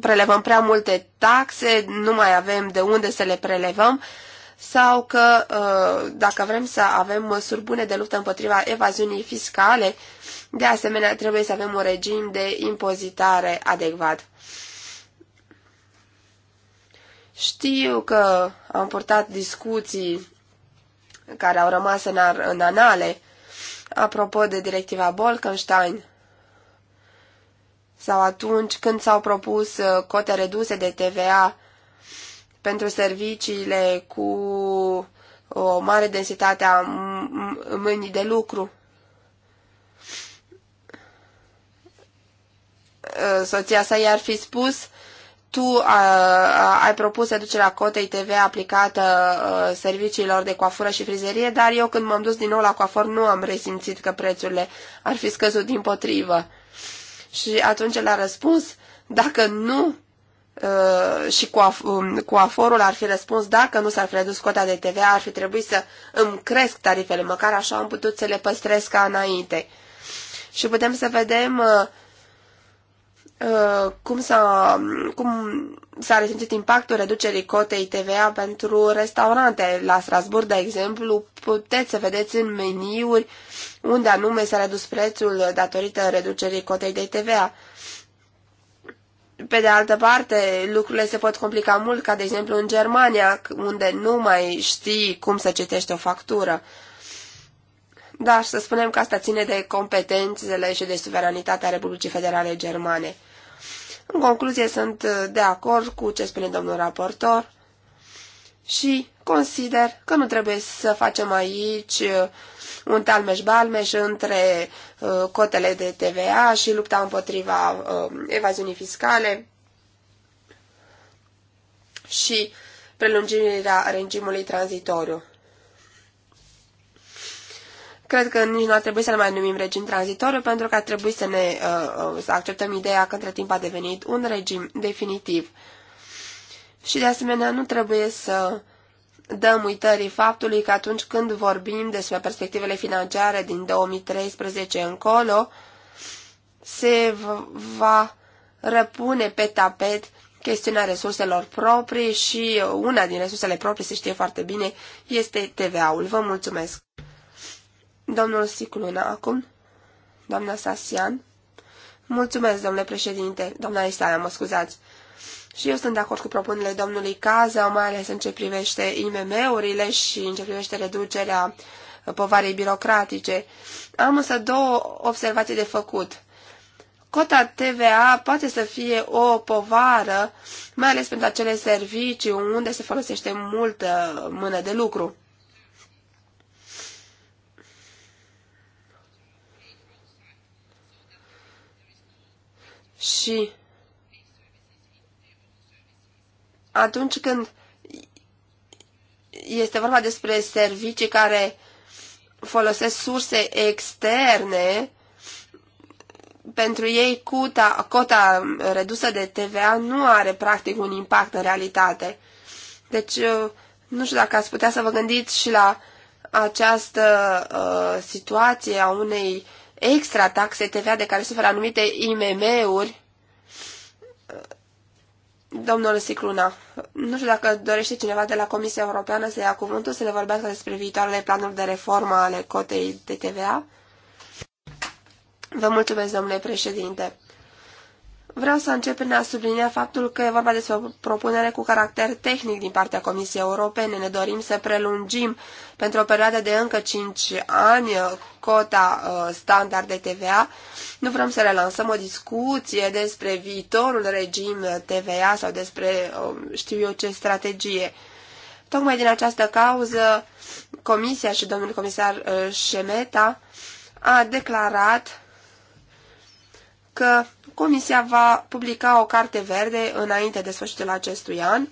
prelevăm prea multe taxe, nu mai avem de unde să le prelevăm sau că uh, dacă vrem să avem măsuri bune de luptă împotriva evaziunii fiscale, de asemenea trebuie să avem un regim de impozitare adecvat. Știu că am purtat discuții care au rămas în, ar, în anale apropo de directiva Bolkenstein sau atunci când s-au propus uh, cote reduse de TVA pentru serviciile cu o mare densitate a mâinii de lucru. Uh, soția sa i-ar fi spus tu a, uh, a, uh, ai propus reducerea cotei TV aplicată a, uh, serviciilor de coafură și frizerie, dar eu când m-am dus din nou la coafor nu am resimțit că prețurile ar fi scăzut din potrivă. Și atunci el a răspuns, dacă nu și um, coaforul ar fi răspuns, dacă nu s-ar fi redus cota de TV, ar fi trebuit să îmi cresc tarifele, măcar așa am putut să le păstrez ca înainte. Și putem să vedem uh, Uh, cum s-a, cum s-a resimțit impactul reducerii cotei TVA pentru restaurante. La Strasburg, de exemplu, puteți să vedeți în meniuri unde anume s-a redus prețul datorită reducerii cotei de TVA. Pe de altă parte, lucrurile se pot complica mult, ca de exemplu în Germania, unde nu mai știi cum să citești o factură. Dar să spunem că asta ține de competențele și de suveranitatea Republicii Federale Germane. În concluzie, sunt uh, de acord cu ce spune domnul raportor și consider că nu trebuie să facem aici uh, un talmeș-balmeș între uh, cotele de TVA și lupta împotriva evaziunii fiscale și prelungirea regimului tranzitoriu. Cred că nici nu ar trebui să-l mai numim regim tranzitoriu, pentru că ar trebui să ne uh, uh, să acceptăm ideea că între timp a devenit un regim definitiv. Și de asemenea nu trebuie să dăm uitării faptului că atunci când vorbim despre perspectivele financiare din 2013 încolo, se va răpune pe tapet chestiunea resurselor proprii și una din resursele proprii, se știe foarte bine, este TVA-ul. Vă mulțumesc! Domnul Sicluna acum. Doamna Sasian. Mulțumesc, domnule președinte. Doamna Isaia, mă scuzați. Și eu sunt de acord cu propunerile domnului Caza, mai ales în ce privește IMM-urile și în ce privește reducerea povarei birocratice. Am însă două observații de făcut. Cota TVA poate să fie o povară, mai ales pentru acele servicii unde se folosește multă mână de lucru. Și atunci când este vorba despre servicii care folosesc surse externe, pentru ei cota, cota redusă de TVA nu are practic un impact în realitate. Deci, nu știu dacă ați putea să vă gândiți și la această uh, situație a unei uh, extra taxe TVA de care suferă anumite IMM-uri. Domnul Sicluna, nu știu dacă dorește cineva de la Comisia Europeană să ia cuvântul să le vorbească despre viitoarele planuri de reformă ale cotei de TVA. Vă mulțumesc, domnule președinte. Vreau să încep prin a sublinia faptul că e vorba despre o propunere cu caracter tehnic din partea Comisiei Europene. Ne dorim să prelungim pentru o perioadă de încă 5 ani cota uh, standard de TVA. Nu vrem să relansăm o discuție despre viitorul regim TVA sau despre um, știu eu ce strategie. Tocmai din această cauză, Comisia și domnul comisar uh, Șemeta a declarat că Comisia va publica o carte verde înainte de sfârșitul acestui an,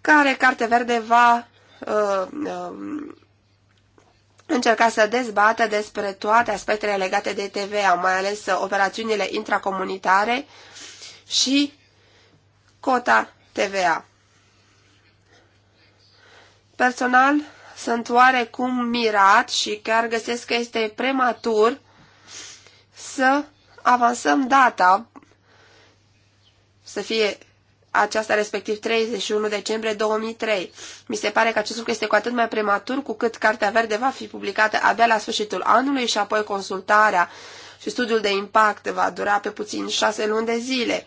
care carte verde va uh, uh, încerca să dezbată despre toate aspectele legate de TVA, mai ales operațiunile intracomunitare și cota TVA. Personal, sunt oarecum mirat și chiar găsesc că este prematur să avansăm data să fie aceasta respectiv 31 decembrie 2003. Mi se pare că acest lucru este cu atât mai prematur cu cât Cartea Verde va fi publicată abia la sfârșitul anului și apoi consultarea și studiul de impact va dura pe puțin șase luni de zile.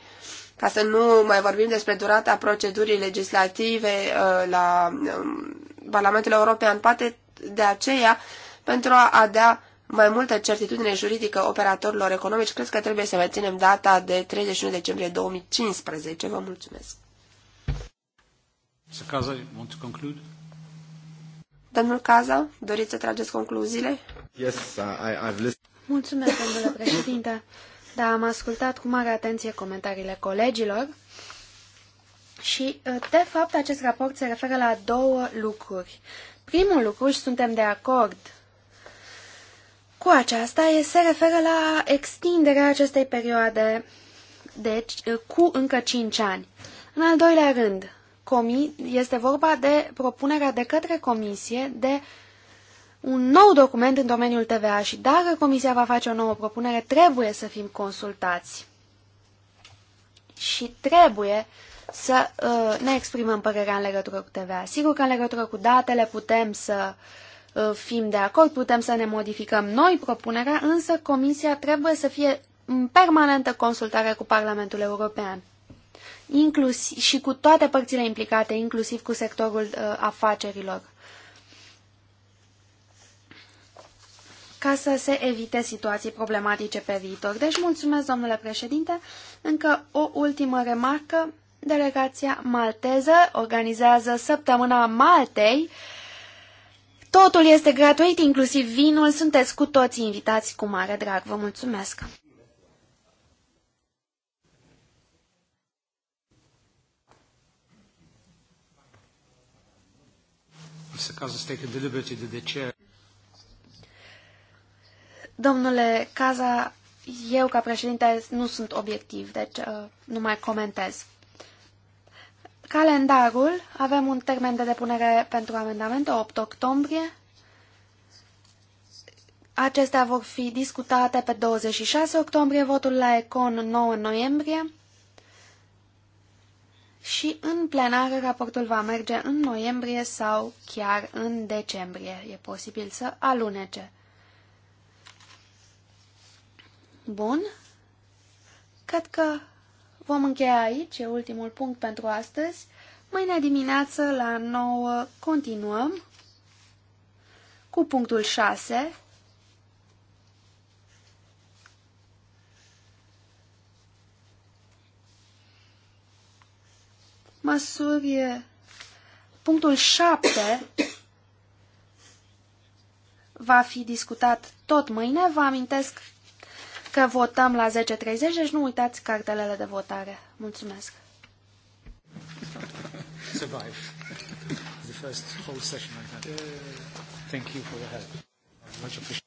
Ca să nu mai vorbim despre durata procedurii legislative uh, la um, Parlamentul European, poate de aceea, pentru a, a da mai multă certitudine juridică operatorilor economici, cred că trebuie să mai ținem data de 31 decembrie 2015. Vă mulțumesc. Caza, want to conclude? Domnul Caza, doriți să trageți concluziile? Yes, uh, I, I've listened. Mulțumesc, domnule președinte. Da, am ascultat cu mare atenție comentariile colegilor și, uh, de fapt, acest raport se referă la două lucruri. Primul lucru, și suntem de acord cu aceasta se referă la extinderea acestei perioade, deci cu încă 5 ani. În al doilea rând, este vorba de propunerea de către comisie de un nou document în domeniul TVA și dacă comisia va face o nouă propunere, trebuie să fim consultați și trebuie să uh, ne exprimăm părerea în legătură cu TVA. Sigur că în legătură cu datele putem să uh, Uh, fim de acord, putem să ne modificăm noi propunerea, însă Comisia trebuie să fie în permanentă consultare cu Parlamentul European inclusiv, și cu toate părțile implicate, inclusiv cu sectorul uh, afacerilor. ca să se evite situații problematice pe viitor. Deci, mulțumesc, domnule președinte. Încă o ultimă remarcă. Delegația malteză organizează săptămâna Maltei uh, Totul este gratuit, inclusiv vinul. Sunteți cu toții invitați cu mare drag. Vă mulțumesc! Domnule Caza, eu ca președinte nu sunt obiectiv, deci uh, nu mai comentez. Calendarul, avem un termen de depunere pentru amendamente, 8 octombrie. Acestea vor fi discutate pe 26 octombrie, votul la Econ 9 noiembrie și în plenară raportul va merge în noiembrie sau chiar în decembrie. E posibil să alunece. Bun. Cred că Vom încheia aici, e ultimul punct pentru astăzi. Mâine dimineață la 9 continuăm cu punctul 6. Măsuri punctul 7 va fi discutat tot mâine. Vă amintesc că votăm la 10.30, deci nu uitați cartelele de votare. Mulțumesc! Survive. The first whole session like that. Thank you for the help. Much appreciated.